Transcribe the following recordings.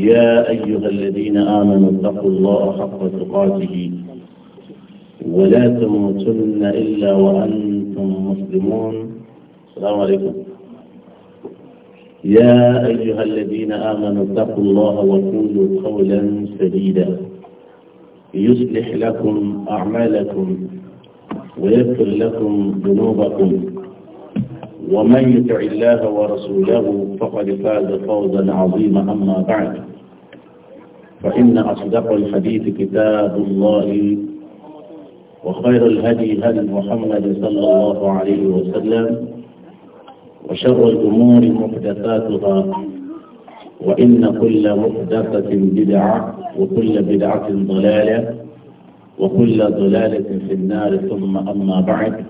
يا أيها الذين آمنوا اتقوا الله حق تقاته ولا تموتن إلا وأنتم مسلمون السلام عليكم يا أيها الذين آمنوا اتقوا الله وقولوا قولا سديدا يصلح لكم أعمالكم ويغفر لكم ذنوبكم ومن يطع الله ورسوله فقد فاز فوزا عظيما أما بعد فإن أصدق الحديث كتاب الله وخير الهدي هدي محمد صلى الله عليه وسلم وشر الأمور محدثاتها وإن كل محدثة بدعة وكل بدعة ضلالة وكل ضلالة في النار ثم أما بعد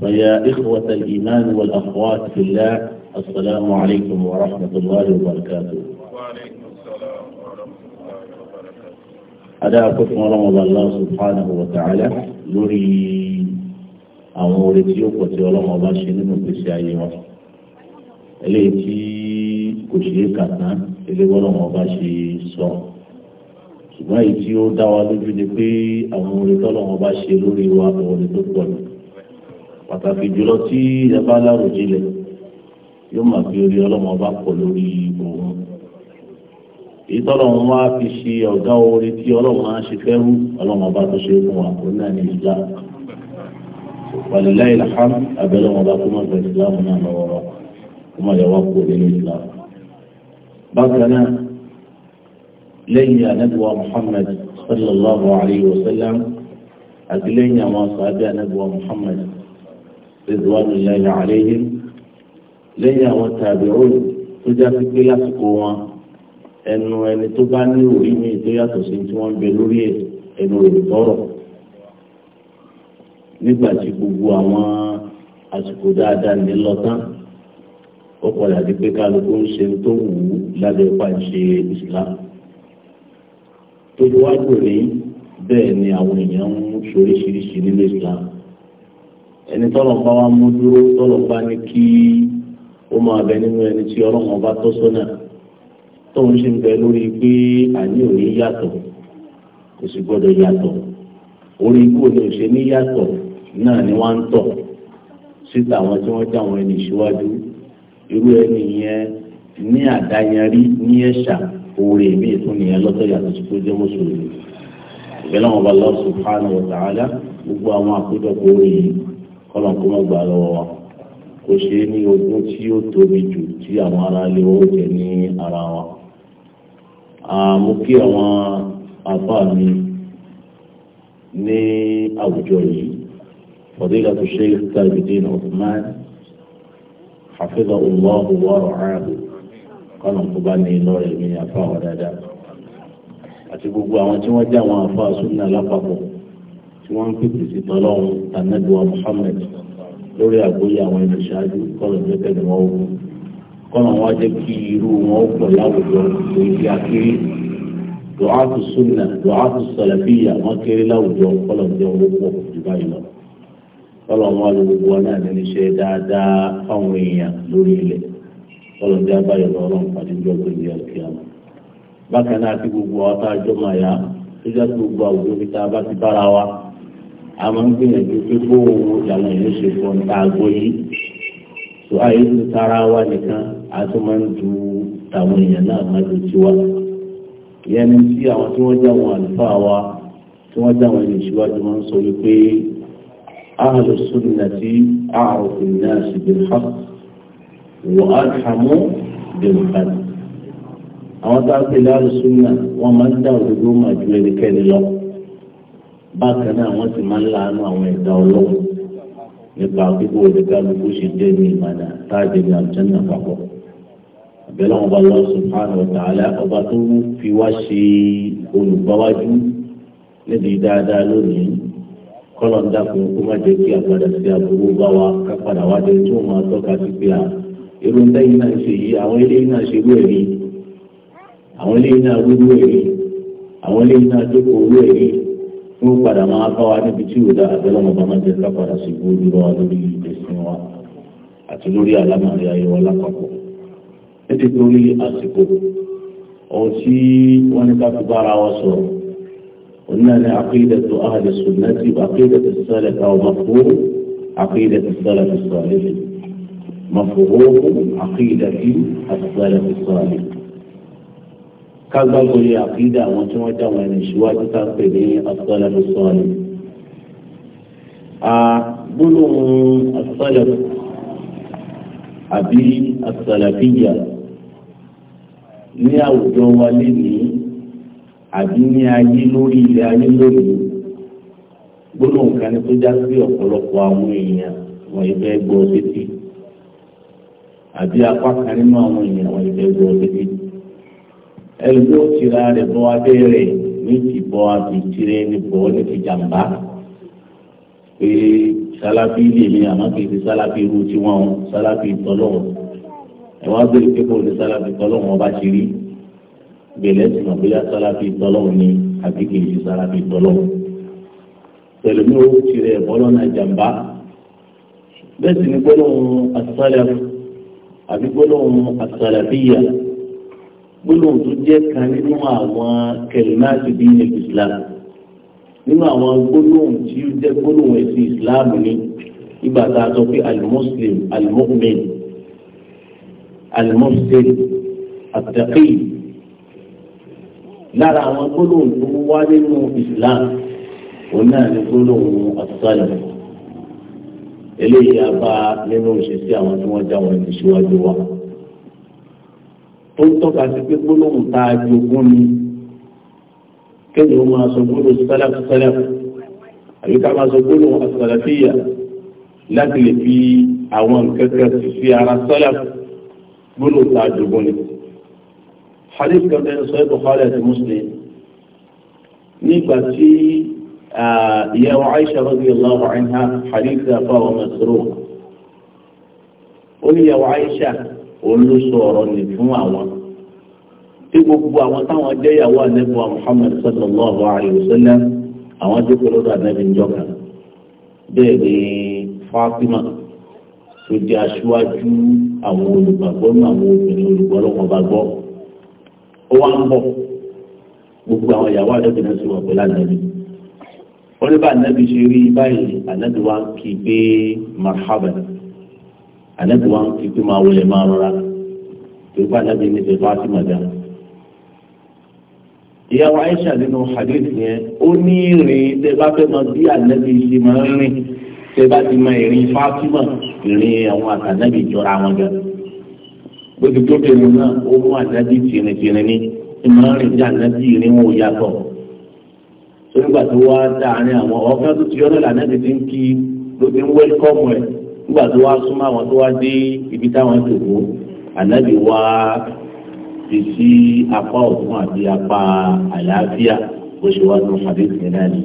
فيا إخوة الإيمان والأخوات في الله السلام عليكم ورحمة الله وبركاته adára kó fún ọlọ́mọba Allah subhanahu wa ta'ala lórí àwọn oore tí ó pọ̀ tí ọlọ́mọba ṣe nínú ìgbésí ayé wa eléyìí tí kò ṣe é kàtá eléyìí ọlọ́mọba ṣe sọ ṣùgbọ́n èyí tí ó dá wa lójú ni pé àwọn oore tọ́lọ́mọba ṣe lórí wa oore tó pọ̀ ni pàtàkì jùlọ tí ẹ bá láròjinlẹ̀ yóò máa fi orí ọlọ́mọba pọ̀ lórí èyí tọ́lọ̀ wọn wá fi ṣe ọ̀gá orí tí ọlọ́run á ṣe fẹ́rú ọlọ́run ọba tó ṣe fún wa kó náà ní ìjà wàlúùláì làhám abẹ́lẹ́ wọn bá kó má bẹ̀rẹ̀ ìsìlámù náà lọ́wọ́ wa kó má yẹ wá kó nínú ìsìlámù. bákan náà lẹ́yìn anábìwá Muhammad sallallahu alayhi wa sallam àti lẹ́yìn àwọn sàábẹ́ anábìwá Muhammad ridwanullahi alayhim lẹ́yìn àwọn tàbí ó tó pé lásìkò wọn ẹnu ẹni tó bá ní orí mi tó yàtọ̀ sí tí wọ́n ń bẹ lórí ẹ̀ ẹnu rẹ̀ tọrọ nígbà tí gbogbo àwọn àsìkò dáadáa ní lọ tán ó padà di pé kálukú ń ṣe tó wù ú lábẹ́ pàṣẹ Islam tójú wájú rí bẹ́ẹ̀ ni àwọn èèyàn ń ṣoríṣiríṣi nínú Islam ẹni tọ́lọ̀ bá wa mú dúró tọ́lọ̀ bá ní kí ó máa bẹ nínú ẹni tí ọlọ́mọba tó sọ́nà tóun ṣe ń bẹ lórí pé àní ò ní yàtọ̀ kò sì gbọ́dọ̀ yàtọ̀ orí ikú ni ò ṣe ní yàtọ̀ náà ni wọ́n ń tọ̀ síta àwọn tí wọ́n jáwọn ẹni ìṣíwájú irú ẹni yẹn ní àdáyanrí ní ẹ̀ṣà oore mi ìtún nìyẹn lọ́tọ̀ yàtọ̀ sí pé jẹ́ mùsùlùmí ìgbẹ́lẹ́ wọn bá lọ subhanahu wa ta'ala gbogbo àwọn àkójọpọ̀ orí kọ́lọ̀kọ́ mọ́ gbà lọ́wọ́ wa kò ṣe é ní ogún tí ó tóbi jù tí àwọn ará ilé wọn ní ara wọn mo kí àwọn àbá mi ní àwùjọ yìí fọdílà tó ṣe Tajudeen Usman hafizahu Allahu wa ra'ahu kọ́nà tó bá ní lọ́rẹ̀ mi ní àfa wa dáadáa àti gbogbo àwọn tí wọ́n jẹ́ àwọn àfa súnà lápapọ̀ tí wọ́n ń pèpè sí tọ́lọ́run tànẹ́bùwà Muhammad lórí àgbóyè àwọn ẹni ṣáájú kọ́lọ̀ wọn ogun. kọ́nà jẹ́ kí irú wọn ó pọ̀ láwùjọ lórí akéré dùhátù súnà dùhátù sàlàfíà wọn kéré láwùjọ kọ́nà jẹ́ owó pọ̀ jù báyìí lọ. kọ́nà wọn na gbogbo wọn náà lẹ́nu iṣẹ́ dáadáa fáwọn èèyàn lórí ilẹ̀ kọ́nà jẹ́ abáyọ̀ a jọ máa yá tó gbogbo àwùjọ tá a bá ti bára wa a máa ń gbìyànjú pé a tún máa ń du àwọn èèyàn náà máa ju tiwa ìyẹn ni tí àwọn tí wọ́n jẹ́ àwọn àlùfáà wa tí wọ́n jẹ́ àwọn ẹni ìṣíwájú máa ń sọ wípé ahlu sunnati a'rafu an-nasi bil-haqq wa arhamu bil-khalq àwọn tá a pè láàrú súnà wọ́n máa ń dá òdodo mà ju ẹnikẹ́ni lọ bákan náà wọ́n sì máa ń láàánú àwọn ẹ̀dá ọlọ́run nípa pípọ̀ òdìkálukú ṣe jẹ́ ní ìmọ̀nà táàdì ní àjẹ́nà papọ̀ àbẹ̀lẹ̀ ọba Allah subhanahu wa ta'ala ọba tó fi wá ṣe olùgbáwájú níbi dáadáa lónìí kọ́lọ̀ ń dàpọ̀ kó má jẹ́ kí àpàdà sí àbúrò bá wa kápadà wá jẹ́ tó máa tọ́ka sí pé à irú ń tẹ́yìn náà ṣe yìí àwọn eléyìí náà ṣe wúwo èrí àwọn eléyìí náà wúwo èrí àwọn eléyìí náà jókòó wúwo èrí tí padà máa bá wa níbi tí ìwòdà àbẹ̀lẹ̀ ọba máa jẹ́ kápadà sí gbóòdúrà lórí ìgbésìn wa àti lórí àlámàrí ayé wa lápapọ̀. títí torí àsìkò ohun tí wọ́n ní ká fi bára wọn sọ̀rọ̀ onílẹ̀ àkídàtu ahli sunnati àkídàtu salaf àwọn mafhum àkídàtu salaf salih mafhum àkídàtu salaf salih kágbàgbọ́ yẹ àkídà àwọn tí wọ́n já wọn ẹni ṣíwájú ká pè ní as-salaf salih. gbólóhùn as-salaf àbí as-salafiyya. ní àwùjọ wa lénìí àbí ní ayé lórí ilé ayé lónìí gbólóhùn kan ní tó já sí ọ̀pọ̀lọpọ̀ àwọn èèyàn wọ́n yìí fẹ́ gbọ́ sétí àbí apá kan nínú àwọn èèyàn wọ́n yìí fẹ́ gbọ́ sétí ẹlòmíì ó tira rẹ̀ bọ́ abẹ́ ní ti bọ́ àti tirẹ̀ ní bọ́ ní ti jàmbá pé sálábí lèmi àmọ́ kì í sálábí irú tiwọn sálábí tọ́lọ́wọ́ ẹ wá bèrè pé kò ní sálàfì tọ́lọ́hún ọba ṣe rí gbèlè tí màá bóyá sálàfì tọ́lọ́hún ni àbí kì í ṣe sálàfì tọ́lọ́hún pẹ̀lú mi ò tirẹ̀ bọ́lọ́nà jàmbá bẹ́ẹ̀ sì ni gbólóhùn asálàfì àbí gbólóhùn asálàfíyà gbólóhùn tó jẹ́ kan nínú àwọn kẹlẹ́máàtì bíi ní Islam nínú àwọn gbólóhùn tí ó alimọ́sẹ̀ àtẹ̀kì lára àwọn gbólóhùn tó wá nínú Islam òun náà ní gbólóhùn àtúntàlẹ̀ eléyìí a bá nínú ìṣesí àwọn tí wọ́n já wọn ní síwájú wa tó ń tọ́ka sí pé gbólóhùn tá a jogún ni kéde ó máa sọ gbólóhùn sálàfù sálàfù àbí ká máa sọ gbólóhùn àsàlàfíyà láti lè fi àwọn nǹkan kan sì fi ara sálàfù gbọ́dọ̀ ta àjògbọ́n ni hadith kan tẹ́lẹ̀ sọ ẹ̀kọ́ fàálẹ̀ àti muslim nígbà tí ìyàwó aisha radiyallahu anha hadith afa wa masruq ó ní ìyàwó aisha òun ló sọ ọ̀rọ̀ ní fún àwọn tí gbogbo àwọn táwọn jẹ́ ìyàwó ànábì wa muhammad sallallahu alayhi wa sallam àwọn jókòó lọ́dọ̀ ànábì ń jọ kan bẹ́ẹ̀ ni fatima tó jẹ́ aṣíwájú àwọn olùgbàgbọ́ ní àwọn obìnrin olùgbọ́ lọ́wọ́ bá gbọ́ ó wá ń bọ̀ gbogbo àwọn ìyàwó àdókè náà sì wọ̀ pé lánàbí ó ní bá ànábi ṣe rí báyìí ànábi wá ń kí pé marhaba ànábi wá ń kí pé máa wọlé máa rọra tó bá ànábi ní ṣe Fátímà dá ìyàwó Aisha nínú hadith yẹn ó ní ìrìn tẹ bá fẹ́ mọ bí ànábi ṣe máa ń rìn ṣé bá ti mọ ìrìn Fátímà ìrìn àwọn àtànábì jọra wọn gan gbogbo tó bẹ̀rù náà ó mú àtànábì tìrìntìrìn ní ìmọ̀ rìn jẹ́ àtànábì ìrìn wọn ò yàtọ̀ nígbà tó wá dáàrin àwọn ọ̀fẹ́ tó ti yọ́nà lànàbì ti ń kí ló ti ń wẹ́lkọ́mù ẹ̀ nígbà tó wá súnmọ́ àwọn tó wá dé ibi táwọn tòkó ànábì wá fi sí apá ọ̀tún àti apá àlàáfíà bó ṣe wá tó fàdé ìpínlẹ̀ náà ni.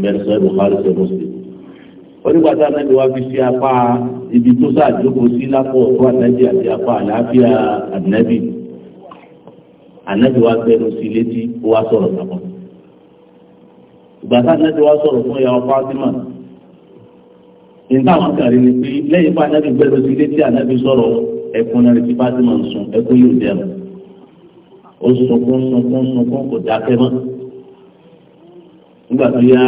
mẹ́rin sọ́ọ́ ìbùkárì sọ́ọ́ onígbàtà náà ni wàá fi ṣe apá ibi tó ṣàjókòó sí lápò ọ̀tún ànábì àti apá àlàáfíà ànábì ànábì wàá gbẹnu sí létí ó wá sọ̀rọ̀ sàkọ́. ìgbàtà ànábì wàá sọ̀rọ̀ fún ìyàwó Fátímà nígbà wọn kàrí ni pé lẹ́yìn fún ànábì gbẹnu sí létí ànábì sọ̀rọ̀ ẹkún náà ti Fátímà ń sun ẹkún yóò dẹrù ó sunkún sunkún sunkún kò dákẹ́ mọ́ nígbà tó yá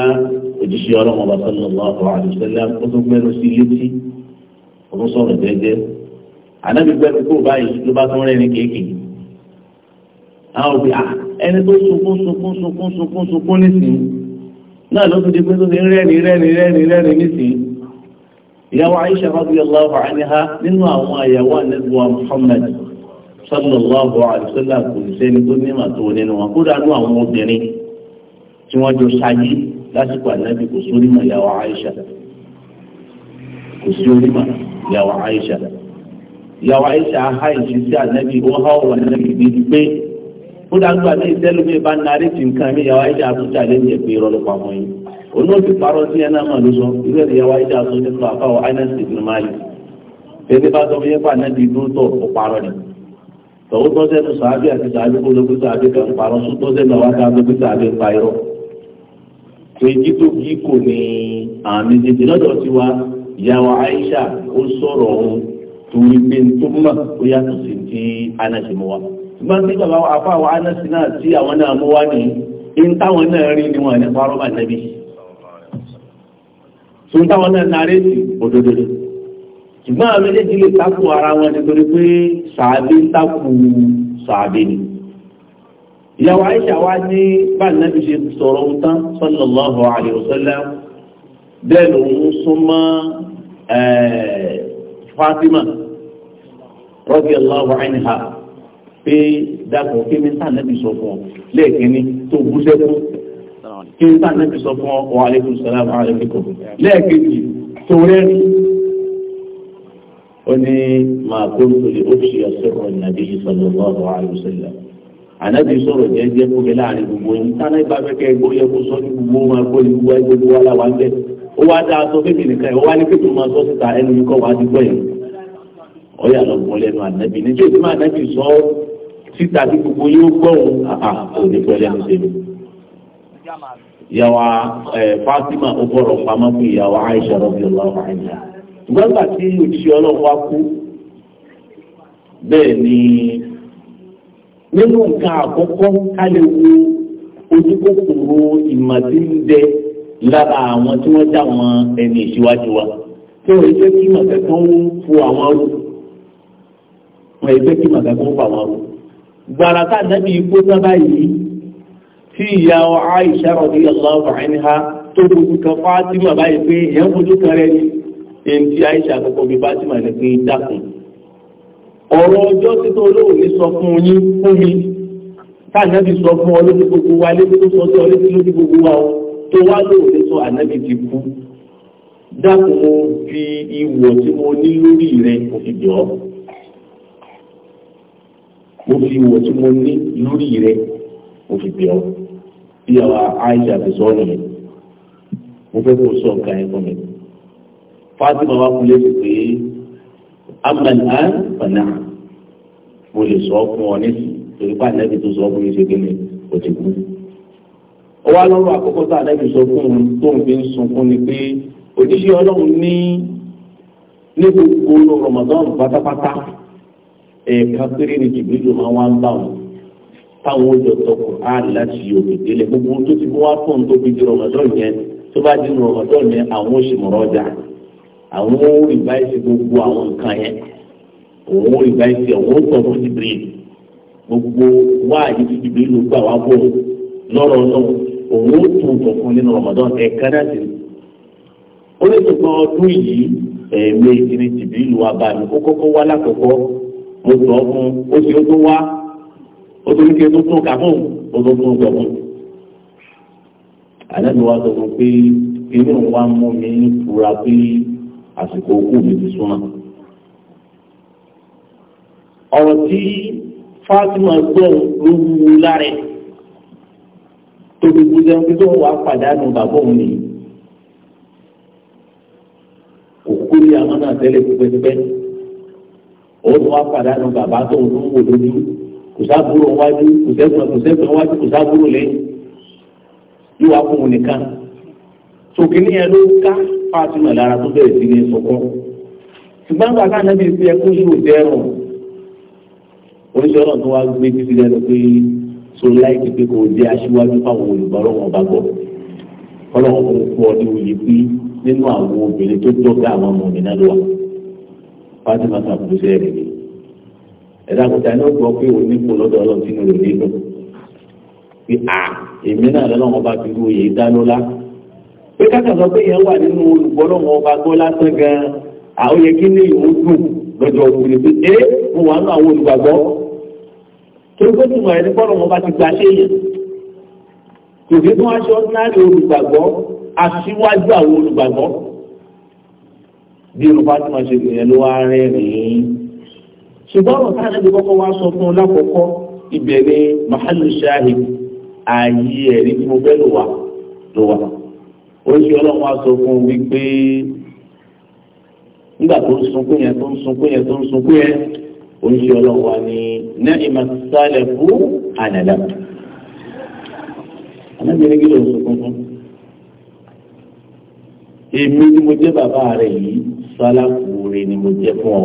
òjíṣẹ́ ọlọ́run ọba sallallahu alaihi wasallam ó tún gbẹ́nu sí létí ó tún sọ̀rọ̀ jẹ́jẹ́ ànábi gbẹ́nu kó báyìí ló bá tún rẹ́ni kéèké àwọn òbí ẹni tó sunkún sunkún sunkún sunkún sunkún nísìnyí náà ló tún di pé tó ti rẹ́ni rẹ́ni rẹ́ni rẹ́ni nísìnyí ìyàwó Aisha radiyallahu anha nínú àwọn àyàwó anẹ́gbọ́n Muhammad sallallahu alaihi wasallam kò ní sẹ́ni tó ní màtó nínú wọn kódà nú àwọn obìnrin tí wọ́n jọ ṣáyé lásìkò ànábì kò sí onímọ̀ ìyàwó Aisha kò sí onímọ̀ ìyàwó Aisha ìyàwó Aisha àìsí sí ànábì ó há ọ̀rọ̀ ànábì bíi pé ó dàgbà ní ìtẹ́lómi bá narí ti nǹkan mi ìyàwó Aisha àtúntà lé ní ẹ̀pẹ́ ìrọ̀lù pamọ́ yìí olóòtú parọ́ sí ẹ̀ náà mà ló sọ irú ẹ̀ ìyàwó Aisha sọ nípa àfáwọ̀ Anas ibn Malik tẹ́lẹ̀ bá tọ́mọ yẹn fà nẹ́bí dúrótọ̀ ọ̀parọ́ ni àti sàábì kó lókè sàábì kan parọ́ sún tọ́sẹ́nu àwọn àti àgbẹ̀gbẹ̀ sàábì ń pa irọ́ kejì tó kí kò ní àwọn méjèèjì lọ́dọ̀ tí wa ìyàwó Aisha ó sọrọ ohun torí pé tó mọ̀ ó yàtọ̀ sí ti Anasi mọ́ wa ṣùgbọ́n tí bàbá afọ àwọn Anasi náà tí àwọn náà mú wá ní in táwọn náà rí ni wọn ní táwọn náà òdodo lè ara wọn nítorí pé sàábé takò ni. ìyàwó Aisha wá ní báyìí ṣe sọ̀rọ̀ tán sallallahu alayhi wa sallam bẹ́ẹ̀ lòun súnmọ́ Fatima radiyallahu anha pé dàpọ̀ kí ní sànẹ́bì sọ fún ọ lẹ́ẹ̀kínní tó gúnṣẹ́ fún kí ní sànẹ́bì sọ fún ọ wa alaykum salam wa alaykum lẹ́ẹ̀kejì tó rẹ́rì ó ní màá kó nítorí ó ṣe ọ̀sẹ̀ ọ̀nà ànábì sọ̀rọ̀ jẹ́jẹ́ fún mi láàrin gbogbo yìí sáná ìgbà fẹ́kẹ́ ẹgbó yẹ kó sọ ní gbogbo máa kó ní gbogbo ẹgbẹ́ gbogbo aláwa ń bẹ̀. ó wá dáa sọ fún mi nìkan ẹ̀ ó wá ní kékeré máa sọ síta ẹnu mi kọ́ wá ní gbọ́ yẹn. ọ̀yà lọ bọ́ lẹ́nu ànábì ní jésù máa ànábì sọ síta tí gbogbo yóò gbọ́ òun àà kò ní pẹ́ lẹ́nu tèmi. ìyàwó Fátímà ó bọ̀rọ̀ pamọ́ nínú nǹkan àkọ́kọ́ ká lè wo ojú kòkòrò ìmọ̀ tí ń bẹ lára àwọn tí wọ́n já wọn ẹni ìṣíwájú wa tí wọ́n jẹ́ kí màkà kan ń fo àwọn arú wọ́n jẹ́ kí màkà kan ń fo àwọn arú. gbàrà tá ànábì ikú sábà yìí tí ìyá Aisha radiyallahu anha tó fojú kan Fatima báyìí pé ẹ̀ fojú kan rẹ̀ ni èyí tí Aisha àkọ́kọ́ bí Fatima ní pé dákun ọ̀rọ̀ ọjọ́ títọ́ olóòní sọ fún yín fún mi káànábì sọ fún ọ lójú gbogbo wa lébi tó sọ sí ọ lébi lójú gbogbo wa o tó wá lóòní sọ ànábì ti kú dákun mo fi ìwọ̀ tí mo ní lórí rẹ mo fi jọ mo fi ìwọ̀ tí mo ní lórí rẹ mo fi jọ bí àwa Aisha fi sọ nìyẹn mo fẹ́ kó sọ nǹkan ẹ̀ mi Fatima wa kú sí pé amàlán fànà mo lè sọ fún ọ ní torí pé ànábì tó sọ fún mi ṣe kéde kò ti kú. ó wá lọ́rọ̀ àkọ́kọ́ tó ànábì sọ fún un tó ń fi ń sunkún ni pé òjíṣẹ́ ọlọ́run ní ní gbogbo olú Ramadan pátápátá ẹ̀ẹ̀ka péré ni jìbìlì máa wá ń bá wọn táwọn ojú ọ̀tọ̀kùn á láti yòókè délẹ̀ gbogbo tó ti bó wá fún un tó fi di Ramadan yẹn tó bá di Ramadan yẹn àwọn oṣù mọ̀rọ̀ ọjà àwọn ó rìváìsì gbogbo àwọn nǹkan yẹn òun ó rìváìsì òun ó sọ fún Jibril gbogbo wáàyè tí Jibril ló gbà wá bò lọ́rọ̀ náà òun ó tún sọ fún nínú Ramadan ẹ̀ka náà sí ó lè tó gbọ́ ọdún yìí ẹ̀ẹ́mẹ́ ìdílé Jibril wá bá mi kó kọ́kọ́ wá lákòókò mo sọ fún ó sì ó tó wá ó tó ní kí ó tó tún kà fún ó tó tún sọ fún àlẹ́ mi wá sọ fún pé inú wa mú mi fura pé àsìkò òkú mi ti súnmọ́. ọ̀rọ̀ tí Fátímà gbọ́n ló wú lára tó gbogbo jẹun pé tó wàá pàdánù bàbá òun nìyí. òkú rí àwọn náà tẹ́lẹ̀ pẹ́pẹ́pẹ́ òun wá pàdánù bàbá tó ń wò lójú kò sábúrò wájú kò sẹ́gbọ̀n kò sẹ́gbọ̀n wájú kò sábúrò lẹ́yìn yóò wá fún un nìkan. tòkìní yẹn ló ká Fátímà lára tó bẹ̀rẹ̀ sí ní sọkọ́ ṣùgbọ́n bàbá náà bí fi ẹkún yóò dẹ́rùn oníṣẹ́ ọ̀nà tó wá gbé títí lẹ́nu pé so láìpẹ́ pé kò dé aṣíwájú fáwọn olùbọ̀rọ̀ wọn bá gbọ́ ọlọ́wọ́ kò fún ọ ní oyè pé nínú àwọn obìnrin tó dọ́gba àwọn ọmọ mi náà lọ Fátímà sàkóso rẹ̀ ni ẹ̀dá kúta ní ó gbọ́ pé òun nípò lọ́dọ̀ ọlọ́run sínú rẹ̀ nílò pé à èmi náà lọ́wọ́ bá fi oyè dá lọ́lá pé kákà sọ pé yẹn wà nínú olùgbọ́lọ́wọ́ ọba gbọ́ lásán gan àwọn yẹ kí ní ìwọ̀n dùn lọ́jọ́ òkúri pé é mo wà nínú àwọn olùgbàgbọ́ tó gbé tùmọ̀ ẹni bọ́lọ̀ wọn bá ti gba séèyàn kò sí fún aṣọ náírà olùgbàgbọ́ aṣíwájú àwọn olùgbàgbọ́ bí olùkọ́ àti máa ṣe ìyẹn ló wá rẹ́rìn-ín ṣùgbọ́n ọ̀rọ̀ táwọn kọ́kọ́ wá sọ fún un shahid ààyè ẹ̀rí tí mo ó ṣe ọlọ́run wá sọ fún un wípé nígbà tó ń sunkún yẹn tó ń sunkún yẹn tó ń sunkún yẹn ó ṣe ọlọ́run wá ní nẹ́ẹ̀mà sálẹ̀ fún ànàdà. anábìrin kí ló ń sunkún fún. èmi ni mo jẹ́ bàbá rẹ̀ yìí sálàkùnrin ni mo jẹ́ fún ọ.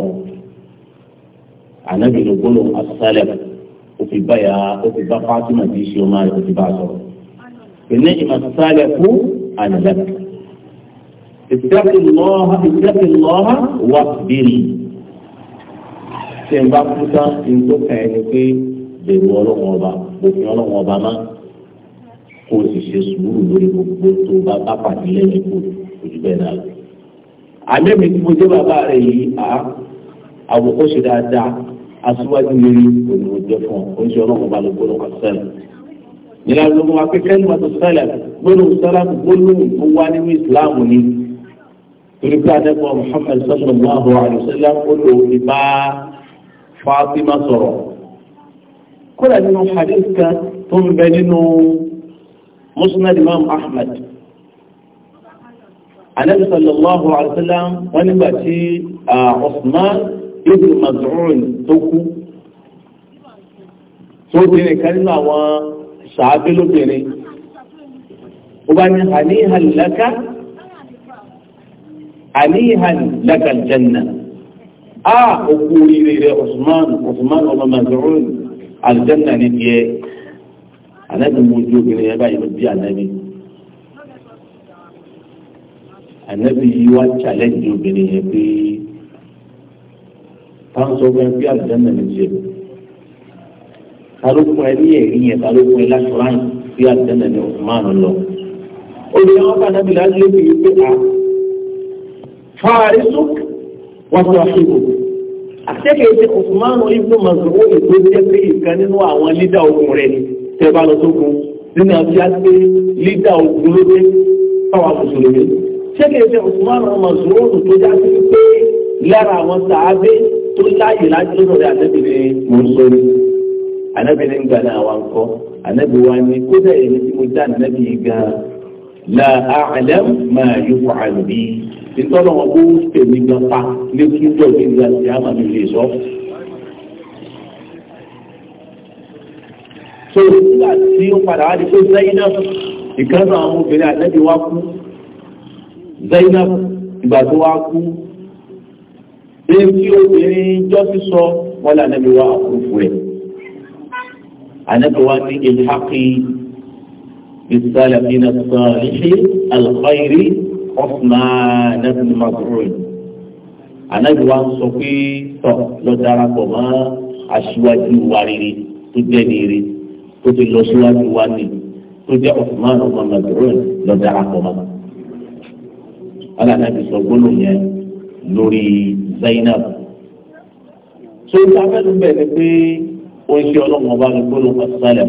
anábìrin gbọ́dọ̀ asálẹ̀ òfin báyà òfin bá fásitì màdìsí ọmọ rẹ̀ òfin bá sọ̀rọ̀. ìnẹ́ẹ̀mà sálẹ̀ fún. أنا لك اتق الله اتق الله واصبري tí n bá kú tán n tó ka ẹni pé bẹ̀rù ọlọ́wọ́n ọba òfin ọlọ́wọ́n ọba má kó o sì ṣe sùúrù lórí gbogbo tó bá bá pàdé lẹ́yìn kó ojú bẹ́ẹ̀ náà lọ. àlẹ́ mi tí mo jẹ́ bàbá rẹ̀ yìí à àwòkọ́ ṣe dáadáa aṣíwájú rere òní mo jẹ́ fún ọ oúnjẹ ọlọ́wọ́n ọba ló gbọ́dọ̀ kọ́ ìlànà ló mú wa pé kẹ́lìmọ̀tò sẹ́lẹ̀ gbólóhùn sẹ́lẹ̀mù gbólóhùn tó wá nínú ìsìláàmù ni torí pé adẹ́gbọ́n Muhammad sallallahu alayhi wa sallam gbólóhùn ti bá Fatima sọ̀rọ̀ kódà nínú hadith kan tó ń bẹ nínú musnad imam Ahmad anabi sallallahu alayhi wa sallam wọn nígbà tí Usman ibn Maz'un tó kú tó dín nìkan sàábí lóbìnrin ó bá ní àníhàn lẹ́ka àníhàn lẹ́ka jẹ́nà á òkú oríire rẹ̀ Usman Usman ọmọ mazurun aljanna ní tiẹ̀ anabi mojú obìnrin yẹn báyìí ló bí anabi anabi yìí wá challenge obìnrin yẹn pé táwọn sọ fún ẹ pé aljanna ní tiẹ̀ talókun ẹbí ẹ̀rí yẹn talókun ẹ láṣọ láyìn sí àtẹnà ní ọ̀sùnmáàlú lọ. olùyà wọn bá dábìlì ajílẹ̀ fi yí pé a fàárí sùn wọ́n sọ àṣìbò. àṣẹ́kẹ̀ ṣe ọ̀sùnmáàlú ibùdó màsùwò ètò jẹ́ pé ìkan nínú àwọn lídà ogun rẹ̀ tẹ́ bá lọ sókun nínú àti àti lídà ogun ló dé fáwọn mùsùlùmí. ṣẹ́kẹ̀ ṣe ọ̀sùnmáàlú màsùwò tó já sí pé lára àwọn sàábé tó láàyè láti lọ́dọ̀ rẹ̀ àtẹ́bìnrin mùsùlùmí anabi ní gbà náà wà ń kọ́ anabi wa ní kódà èmi tí mo dá anabi yìí gan la a'lam ma yuf'al bi nítorí wọn kó tèmi gan pa ní túbọ̀ ní ìgbà tí a máa mi lè sọ. so nígbà tí ó padà wá di pé Zainab ìkànnì àwọn obìnrin anabi wa kú Zainab ìgbà tó kú èyí obìnrin jọ́sí sọ wọn lànà mi wá àkókò rẹ̀ ànágbèwá ní ìlhàkì ìsàlàmìnà sọ̀rìṣì alkhairi Uthman ibn Mas'ud ànágbèwá ń sọ pé tọ̀ lọ darapọ̀ mọ́ aṣíwájú wa rere tó jẹ́ ní rere tó ti lọ síwájú wa ní tó jẹ́ Uthman ibn Mas'ud lọ darapọ̀ mọ́ alànàbì sọ gbólóhùn yẹn lórí Zainab tó ń ló bẹ̀rẹ̀ pé ó ń ṣe ọlọ́run ọba olùkóló kọsálẹ̀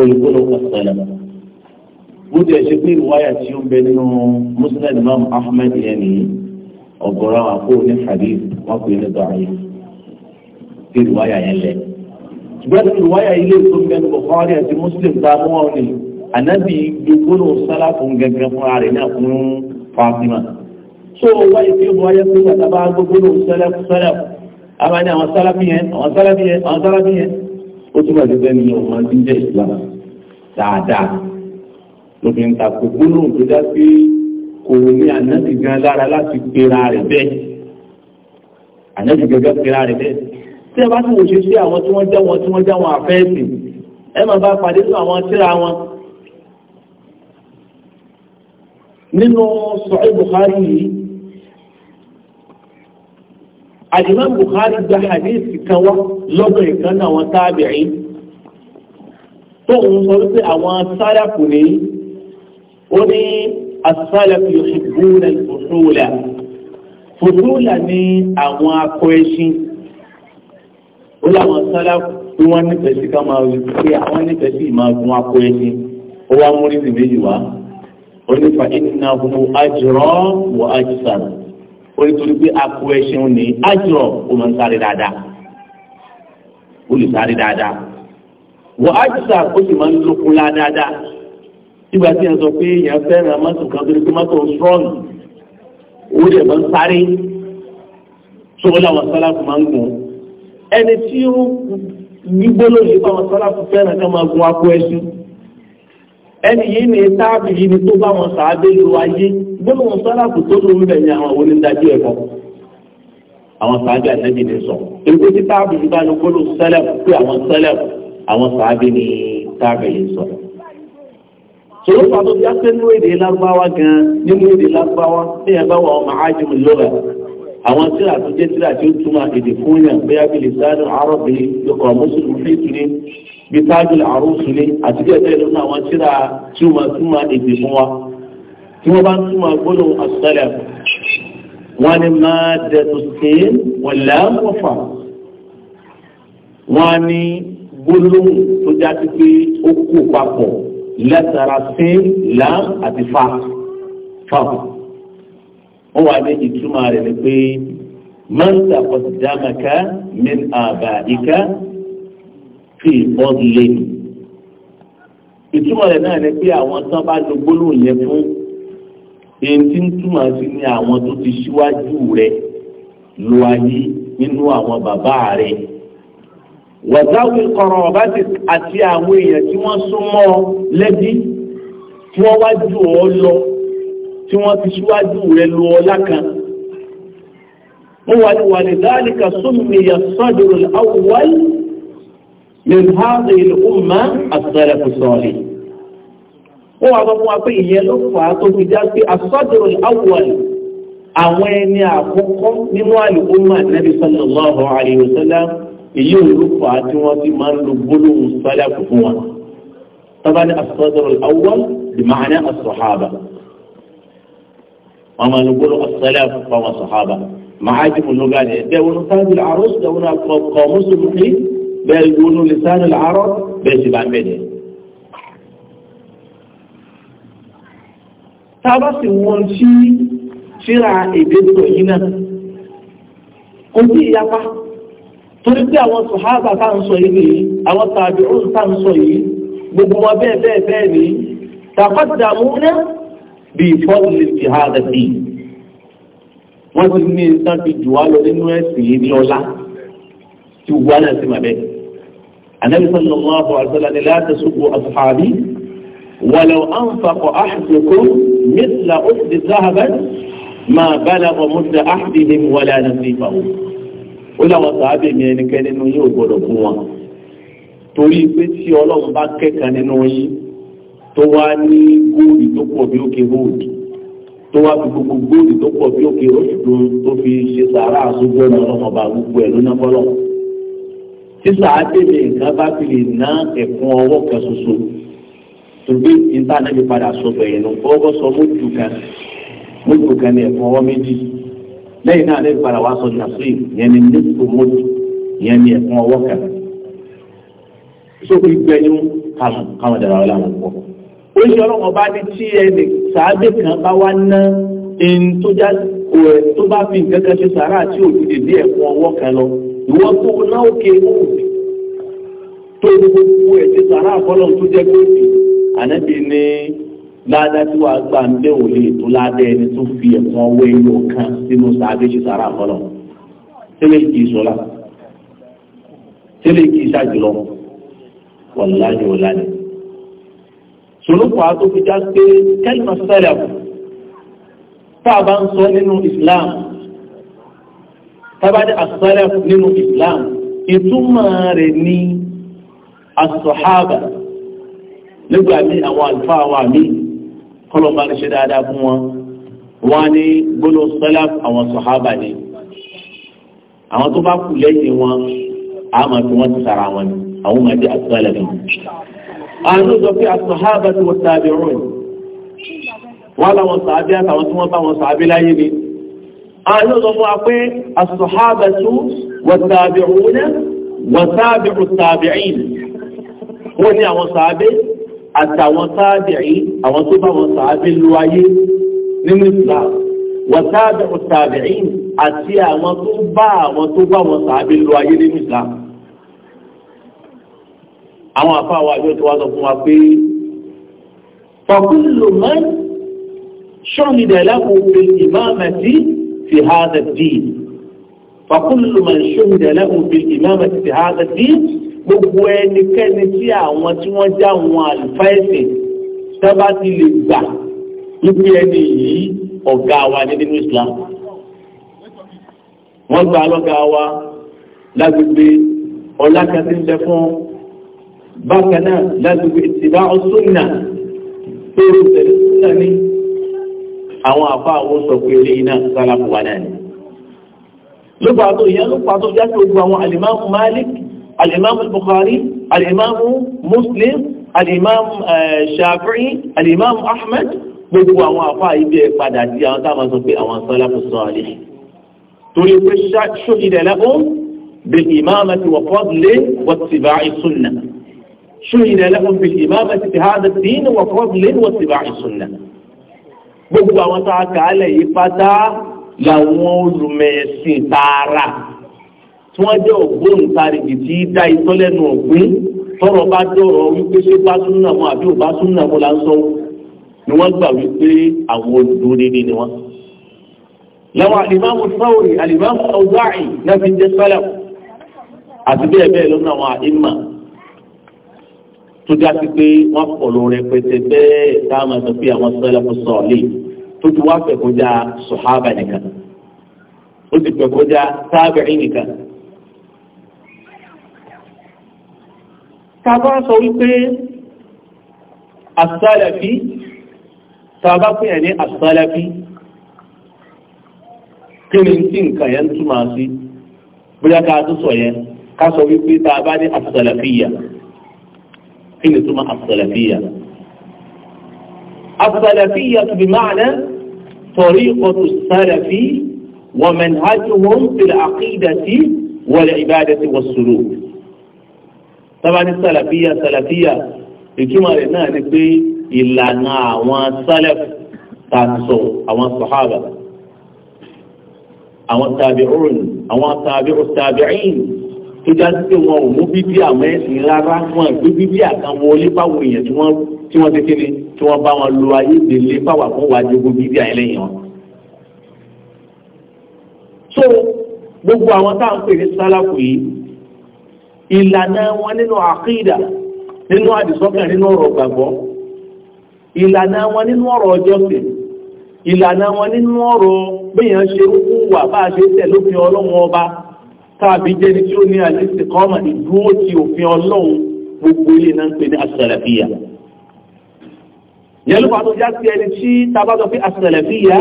olùkóló kọsálẹ̀ bó tiẹ̀ ṣe pé ìwáyà tí ó ń bẹ nínú muslim imam ahmed yẹn nìyí ọ̀gọ̀rọ̀ àpò ní hadith wọn pè ní dọ̀ọ̀yì tí ìwáyà yẹn lẹ̀ ṣùgbọ́n tí ìwáyà ilé tó ń bẹ ní bukhari àti muslim tá a mú ọ ni sálà fún gẹ́gẹ́ fún ààrẹ náà fún fatima so wáyé tí ìwáyà tó àbá ní àwọn sálábí yẹn àwọn sálábí yẹn àwọn sálábí yẹn ó túmọ̀ sí bẹ́ẹ̀ ni ọmọ ti ń jẹ́ islam dáadáa lóbìnrin ta kò gbóná tó dá sí kò ní ànábì tí ẹ bá sí àwọn tí wọ́n já tí wọ́n já àfẹ́ẹ̀sì ẹ bá pàdé sí àwọn tíra wọn nínú sọ̀rọ̀ Bukhari yìí alimam bukhari gba hadith kan wá lọ́dọ̀ ìkan náà wọn tábìrín tó ń sọ wípé àwọn sálàfù ní ó ní asálàfù yuhibbuna al-fusula fusula ní àwọn akọ ẹṣin ó láwọn sálàfù tí wọ́n nífẹ̀ẹ́ sí ká máa rí pé àwọn nífẹ̀ẹ́ sí máa gun akọ ẹṣin ó wá múrí sí wá ó nífa innahu ajra wa ajsar orí torí pé akọ ẹṣin ní ájúrọ ó máa ń sáré dáadáa ó lè sáré dáadáa wọ ájúsà ó sì máa ń lókun lá dáadáa nígbà tí yẹn sọ pé yẹn fẹ́ràn mọ́tò kan torí pé mọ́tò ń strong owó dẹ̀ máa ń sáré sọ́wọ́ làwọn sálàfù máa ń gùn ẹni tí ó gbígbólóyè báwọn sálàfù fẹ́ràn ká máa gun akọ ẹṣin ẹni yìí ni táàbì yìí ni tó bá wọn sàábé lo ayé gbọ́dọ̀ wọn sálàkù tó lórí rẹ̀ ni àwọn onídàájú ẹ̀kọ́ àwọn sàábé àtẹ́jì ni sọ èyí tí táàbì yìí bá ní gbọ́dọ̀ sẹ́lẹ̀ pé àwọn sẹ́lẹ̀ àwọn sàábé ni táàbì yìí sọ. sọ̀rọ̀ pàtó bí a ṣe ń lo èdè lágbáwá gan nínú èdè lágbáwá ní ẹ̀bá wa ọmọ ájùm lọ́rẹ̀ àwọn tíra tó jẹ́ tíra tí ó túmọ̀ èdè fún bí tájìlì àrùn sílé àti bí ẹ̀tẹ́ ìlú àwọn tíra tí wọ́n túmọ̀ èdè fún wa tí wọ́n bá ń túmọ̀ gbọ́dọ̀ àṣẹlẹ̀ wọ́n ní máa dẹ̀tù sí wọ̀lẹ́ wọ̀fà wọ́n ní gbólóhùn tó jáde pé ó kú papọ̀ lẹ́tara sí lám àti fa fáwọn ó wà ní ìtumọ̀ rẹ̀ ni pé máa ń tàkọ̀ dámàkà min àbá ìka kí ìbọn lé ìtumọ̀ rẹ̀ náà ni pé àwọn tán bá lo gbólóhùn yẹn fún èyí tí ń túmọ̀ sí ni àwọn tó ti ṣíwájú rẹ̀ lo ayé nínú àwọn bàbá rẹ̀ wàtáwí kọ̀rọ̀ ọ̀bá ti àti àwọn èèyàn tí wọ́n súnmọ́ lẹ́bí tí wọ́n wájú ọ lọ tí wọ́n ti ṣíwájú rẹ̀ lo ọlá kan wọ́n wà ní wàlẹ̀ dáríkà súnmìyà sọ́dọ̀rọ̀ àwòwáyé min hadhihi al-umma as-salaf as-salih wọ́n wá sọ fún wa pé ìyẹn ló fà á tó fi já sí as-sadr al-awwal àwọn ẹni àkọ́kọ́ nínú al-umma nabi sallallahu alayhi wa sallam èyí ò ló fà á tí wọ́n ti máa ń lo gbólóhùn salaf fún wa tọ́ba ní as-sadr al-awwal bi ma'na wọ́n máa ń lo gbólóhùn as fún wa sahaba màá jùmọ̀ lọ́gàdì ẹ̀dẹ́wọ̀n sábìlì àrùs bẹ́ẹ̀ wọnú lisanu làárọ̀ bẹ́ẹ̀ sì bá ń bẹ̀rẹ̀. tá a bá sì wọ́n sí síra èdè tó yìí náà kò sí ìyapa torí pé àwọn sòhábà tá à ń sọ yìí nìyí àwọn tàbí òun tá à ń sọ yìí gbogbo wọn bẹ́ẹ̀ bẹ́ẹ̀ bẹ́ẹ̀ nìyí tàfàdàmú náà bí fọ́ọ̀lì jihada sí wọ́n ti ní nǹkan fi jù wá lọ nínú ẹ̀sìn yìí ní ọlá tí wọ́n náà sì mà النبي صلى الله عليه وسلم لا تسبوا أصحابي ولو أنفق أحدكم مثل أحد ذهبا ما بلغ مد أحدهم ولا نصيبه ولا وصحابي من كان يقول torí pé tí ọlọ́run bá kẹ́kàn nínú yín tó wá ní góòlì tó pọ̀ bí òkè hóòdì tó wá fi gbogbo góòlì tó pọ̀ bí òkè hóòdì tó fi ṣe sàárà àsúgbọ́n ọlọ́mọba gbogbo ẹ̀ lónà tí sàádé lè nǹkan bá fi lè ná ẹ̀kún ọwọ́ kan ṣoṣo tòbí níta náà fi padà sọ bẹ̀yẹ̀ nù ọwọ́ sọ mójú kan mójú kan ní ẹ̀kún ọwọ́ méjì lẹ́yìn náà lè padà wá sọ nàṣírí yẹn ní nípò mójú yẹn ní ẹ̀kún ọwọ́ kan sókè gbẹ̀yìn kàmù kàmù dàrá ọ̀la wọn pọ̀ oríṣi ọlọ́run ọba ní tí ẹnì sàádé kan bá wá ná ẹni tó bá fi nǹkan kan ṣe sàárà tí òjì dè ní ọwọ́ kan lọ ìwọ́n tó ná òkè òkè tó gbogbo ẹ̀ ti sàrà àkọ́lọ̀ tó jẹ́ gbòdì ànábì ní ládá tí wàá gbà ń bẹ́ òlé tó ládá ẹni tó fi ẹ̀kan wé ìlú kan sínú sàbẹ̀ ṣe sàrà àkọ́lọ̀ tẹ́lẹ̀ kì í sọ́lá tẹ́lẹ̀ kì í ṣàjùlọ wàlúwàjú ọ̀la ni. sọlọ́pọ̀ àtòkùjá pé kẹ́lí máa sẹ́lẹ̀ àbù tá a bá ń sọ nínú Islam tábàdé as-salaf nínú islam ìtumọ̀ rẹ̀ ní as-sahaba nígbà mí àwọn àlùfáà wà mí kọlọmọ ní ṣe dáadáa fún wọn wọn ní gbọ́dọ̀ salaf àwọn sahaba ni àwọn tó bá kù lẹ́yìn wọn a máa fi wọn ti sara wọn ni àwọn máa di as ni. àwọn ọ̀dọ́ pé as ti wọ́n sábẹ́ rọ̀ wọ́n làwọn sábẹ́ àtàwọn tí wọ́n bá wọn sábẹ́ láyé ni àìlọ́sọ̀fọ́ pé as-sahabatu wat-tabi'una wat-tabi'u at-tabi'in wọ́n ní àwọn sàábé àtàwọn tàbíì àwọn tó bá wọn sàábé ló ayé nínú Islam wat-tabi'u at àti àwọn tó bá àwọn tó bá wọn sàábé ló ayé nínú Islam àwọn àfáwà yóò tó wá sọ fún wa pé fa kullu man shahida lahu bil في هذا الدين فكل من شهد له بالإمامة في هذا الدين gbogbo ẹnikẹ́ni tí àwọn tí wọ́n já àwọn àlùfáà ẹ̀sìn sábà ti lè gbà wípé ẹni yìí ọ̀gá wa ní nínú Islam wọ́n gba lọ́gá wa lágbègbè ọlákàtí ń bẹ fún bákan náà lágbègbè ìtìbá ọ̀sùn náà tó rẹ̀ sùn náà ní àwọn àfa àwọn sọ pé eré iná sálàmù wà náà ni. lópa tó yẹn lópa tó jáde gbogbo àwọn alimami Malik alimami Bukhari alimami Muslim alimami Shafi'i alimami Ahmed gbogbo àwọn àfa ibi ẹ̀ padà sí àwọn táwọn sọ pé àwọn sálàmù sọ̀rọ̀ lè. torí pé ṣókìdẹ̀ ti بالإمامة وفضل واتباع السنة شهد لهم بالإمامة في هذا الدين وفضل واتباع السنة gbogbo àwọn tó àkàálẹ̀ yìí pátá làwọn olùmẹ̀sìn tààrà tí wọ́n jẹ́ ògbóǹtarìgì tí dá ìtọ́lẹ́nu ọ̀gbìn tọrọ bá dọ̀rọ̀ wípé ṣé bá súnà mọ́ àbí ò bá súnà mọ́ là ń sọ ni wọ́n gbà wípé àwọn olùdó dédé ni wọ́n. làwọn àlìmáàmù sáwòrì àlìmáàmù ọgbà àì náà fi ń jẹ́ sálà àti bẹ́ẹ̀ bẹ́ẹ̀ lọ́nà àwọn àìmà tó dájú pé wọ́n pọ̀lọ́ rẹpẹtẹ bẹ́ẹ̀ táwọn sọ pé àwọn sọ́lẹ́kù sọ̀ọ́lì tó ti wá fẹ́ kọjá sọ̀hábà nìkan ó ti fẹ́ kọjá tábìrì nìkan. tàbá sọ wípé àsálàfí tàbá pè ní àsálàfí kí ni tí nǹkan yẹn túmọ̀ sí bóyá ká tó sọ yẹn ká sọ wípé tàbá ní àsálàfíyà. حين تمها الصلافية الصلافية بمعنى طريقة الصلافي ومنهجهم في العقيدة والعبادة والسلوك طبعا السلفية صلافية يجمع لنا نبي إلا نا نعم، وصلف تنسو أو الصحابة أو التابعون أو التابع التابعين ìjà sí pé wọn ò mú bíbí àwọn ẹ̀sìn rárá wọn gbé bíbí àtàwọn olé báwo èèyàn tí wọ́n tí wọ́n ti kéde tí wọ́n bá wọn lo ayédèlé báwa fún wa jogún bíbí àìlẹ́yìn wọn. so gbogbo àwọn tá à ń pè ní sálàkù yìí ìlànà wọn nínú àkídà nínú àdìsọ́kàn nínú ọ̀rọ̀ gbàgbọ́ ìlànà wọn nínú ọ̀rọ̀ ọjọ́sìn ìlànà wọn nínú ọ̀rọ̀ gbìyànjú ṣe ń wà bá a ṣe tẹ̀ lófin ọlọ́wọ́n ọba káàbí jẹ́ ní tí ó ní àlẹ́sì kọ́mà ìdúró ti òfin ọlọ́run gbogbo ilé náà ń pè ní asàlàfíà yẹlú pàtó já sí ẹni tí tabátọ fi asàlàfíà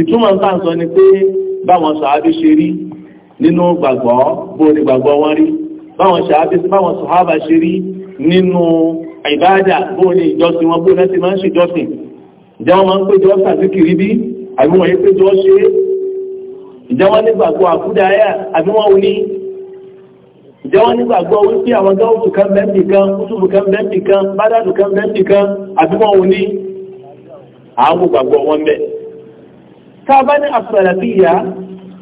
ìtumọ̀ nǹkan sọ ni pé báwọn sàábí ṣe rí nínú gbàgbọ́ bó ni gbàgbọ́ wọn rí báwọn sàábí báwọn sàábà ṣe rí nínú ìbáàdà bó ni ìjọsìn wọn bó náà ti máa ń ṣèjọsìn ìjẹ́ máa ń péjọ sàzíkiri bí àbí wọn yẹ péjọ ṣe é ìjẹ́ wọ́n nígbàgbọ́ àkúdáyà àbí wọ́n wuli ìjẹ́ wọ́n nígbàgbọ́ wípé àwọn gáwùsù kan bẹ́ẹ̀bì kan kúsùbù kan bẹ́ẹ̀bì kan bádàdù kan bẹ́ẹ̀bì kan àbí wọ́n wuli àwọn gbàgbọ́ wọn bẹ́ẹ̀. tá a bá ní àsàlàfíyà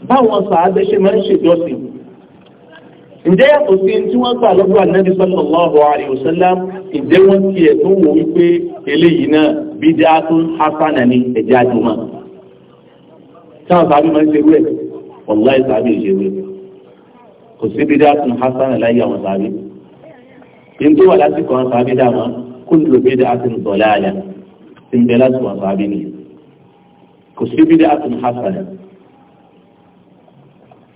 báwọn sàábẹ́ ṣe máa ń ṣèjọsìn ǹjẹ́ yàtọ̀ sí tí wọ́n gbà lọ́gbà nẹ́bí sallallahu alaihi wasallam ǹjẹ́ wọ́n tiẹ̀ tó wò wípé eléyìí náà bídá tó ń hásánà ní ẹ̀já jùmọ̀ táwọn sàbí máa ń ṣe wẹ̀ wàláì sàbí ìṣe wẹ̀ kò sí bí dáàtún hasan láyé àwọn sàbí yìí tó wà lásìkò àwọn sàbí dáàmà kúlù bí dáàtún sọ̀lá àyà ti ń bẹ lásìkò àwọn sàbí nìyẹn kò sí bí dáàtún hasan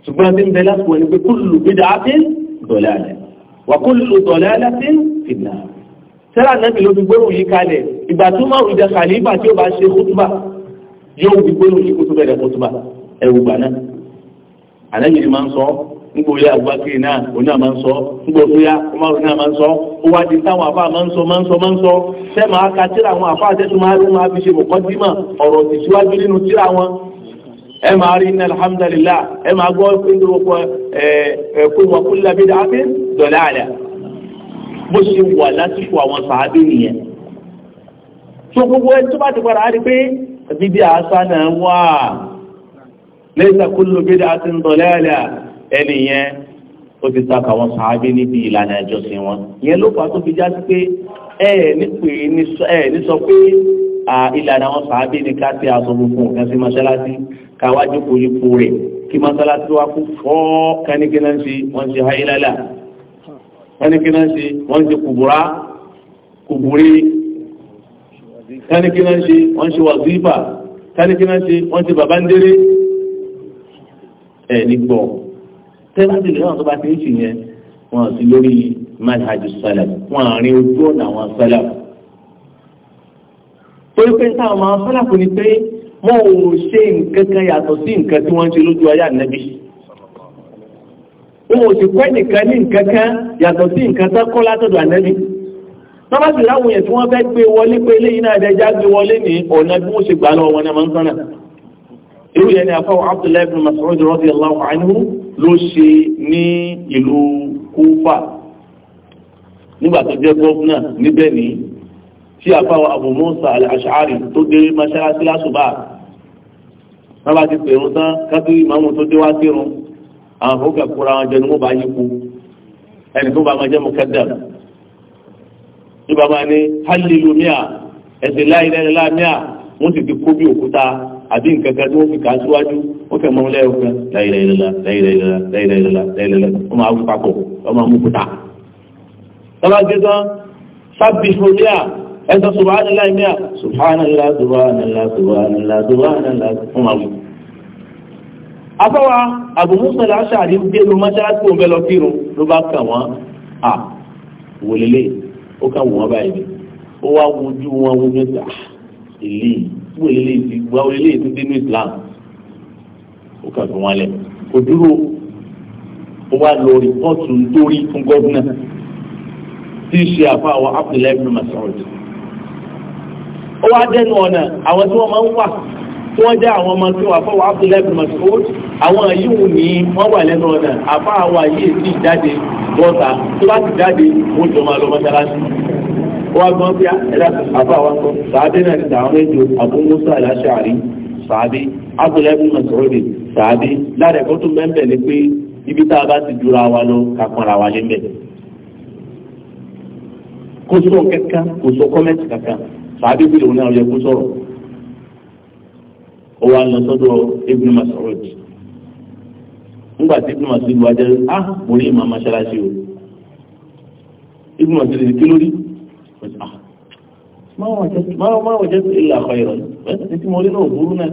ṣùgbọ́n tí ń bẹ lásìkò ẹni pé kúlù bídàátín dọ̀lálẹ̀ wà kúlù dọ̀lálátín fìlà. sẹ́lá náà ló fi gbóhùn yìí kalẹ̀ ìgbà tó máa rùjà kàlífà yóò wí pé òní kó tó bẹ̀rẹ̀ kó tó bá ẹ̀wù gbà náà àlẹ́yìn máa ń sọ nígbò yá àgbákiri náà òun náà ń sọ nígbò tó yá náà máa ń sọ ó wá di táwọn afá máa ń sọ máa ń sọ máa ń sọ ṣé ka tíra àwọn máa rí máa fi ṣe ọ̀rọ̀ nínú tíra wọn ẹ máa rí iná ẹ máa gbọ́ wọn lábẹ́ ṣe wà lásìkò àwọn sàábì nìyẹn gbogbo bíbí àásánà wà lẹ́sà kúlù bídà àti ńdọ̀lẹ́àlà ẹni yẹn ó ti ta kàwọn sàábí níbi ìlànà ìjọsìn wọn ìyẹn ló fà tó fi já sí pé ẹ ẹ ní sọ pé ìlànà àwọn sàábí ni ká ti aṣọ funfun kan sí mọ́ṣáláṣí ká wá jókòó yípo rẹ̀ kí mọ́ṣáláṣí wá kú fọ́ kánikínà ń ṣe wọ́n ṣe kánikínà ń wọ́n ṣe kùbùrá kùbùrí káníkí náà ṣe wọ́n ṣe wà zífà káníkí náà ṣe wọ́n ṣe bàbá ń délé ẹ̀ ní gbọ́ tẹ́lájì lè wọ́n tó bá ti ń ṣì yẹn wọ́n sì lórí manhaj salaf wọ́n àárín ojú ọ̀nà àwọn salaf. torí pé táwọn àwọn salaf kò ní pé wọ́n ò ṣe nǹkan kan yàtọ̀ sí nǹkan tí wọ́n ń ṣe lójú ayé ànábì wọ́n ò sì kọ́ ẹnìkan ní nǹkan kan yàtọ̀ sí nǹkan tó kọ́ látọ̀dọ̀ tọ́ba sì láwọn yẹn tí wọ́n fẹ́ gbé wọlé pé eléyìí náà ẹ̀dẹ́já gbé wọlé ní ọ̀nà bí wọ́n ṣe gbà lọ́wọ́ wọn náà máa ń sọ́nà. irú yẹn ni afọ́ Abdullahi bin Mas'ud radiyallahu anhu ló ṣe ní ìlú Kúfà nígbà tó jẹ́ gọ́fúnà níbẹ̀ ní tí afọ́ Abu Musa al-Ash'ari tó dé mọ́ṣáláṣí lásùbà wọ́n bá ti pèrún tán kátó ìmáàmù tó dé wá sírun àwọn fòkà kúra wọn jẹ ní wọ́n bá yí ku ẹni tó bá máa jẹ́ mọ́kẹ́dàmù ní bàbá ní hallelujah ẹ̀sìn láìláìlá míà wọ́n ti ti kó bí òkúta àbí nǹkan kan tí wọ́n fi kà á síwájú wọ́n fẹ́ mọ́ lẹ́yọ̀kan láìláìlá láìláìlá láìláìlá láìláìlá wọ́n máa wú papọ̀ wọ́n máa mú kúta. tọ́lá gé tán sábì fúnmíà ẹ̀sọ́ subhanallah míà subhanallah subhanallah subhanallah subhanallah wọ́n máa wú. afọwà àbùmúsọ̀ làṣà àdìgbé ló máa ṣáà tó ń bẹ lọ kírun ló bá kà wọ́n à wòlélẹ́yìí ó kà wọ́n báyìí ni ó wá wojú wọn wojú ẹ̀sà ah, èlé ìwé eléyìí ti wá eléyìí tó dé ní Islam ó kà fi wọn lẹ̀ kò dúró ó wá lọ rìpọ́ọ̀tù nítorí fún gọ́dúnà tí í ṣe àfa àwọn Abdullahi bin Mas'ud ó wá dẹnu ọ̀nà àwọn tí wọ́n máa ń wà tí wọ́n jẹ́ àwọn ọmọ tí wọ́n fọwọ́ abdullahi masoud àwọn yìí ní wọ́n wà lẹ́nu ọ̀nà àfa àwa yìí ti jáde bọ́ta tó bá ti jáde wọ́n jọ máa lọ mọ́ṣáláṣí. wọ́n gbọ́n bí ẹ̀dá àfa wa sọ sàábé náà ti sàwọn ètò Abu Musa al-Ash'ari sàábé abdullahi masoud sàábé lára ẹ̀kọ́ tó mẹ́mbẹ̀ ni pé ibi tá a bá ti dúra wa lọ ká pọnra wa lé mẹ́ kó sọ kẹ́kẹ́ kó sọ kọ́mẹ́ntì ó wá lọ sọ́dọ̀ Ibn Mas'ud nígbà tí Ibn Mas'ud wá jẹ́ á kò rí ìmọ̀ amáṣáláṣí o Ibn Mas'ud ti kí lórí ah, máa wọ̀ jẹ́ ilà àkọ́ ìrọ̀ bẹ́ẹ̀ tí mo rí náà burú náà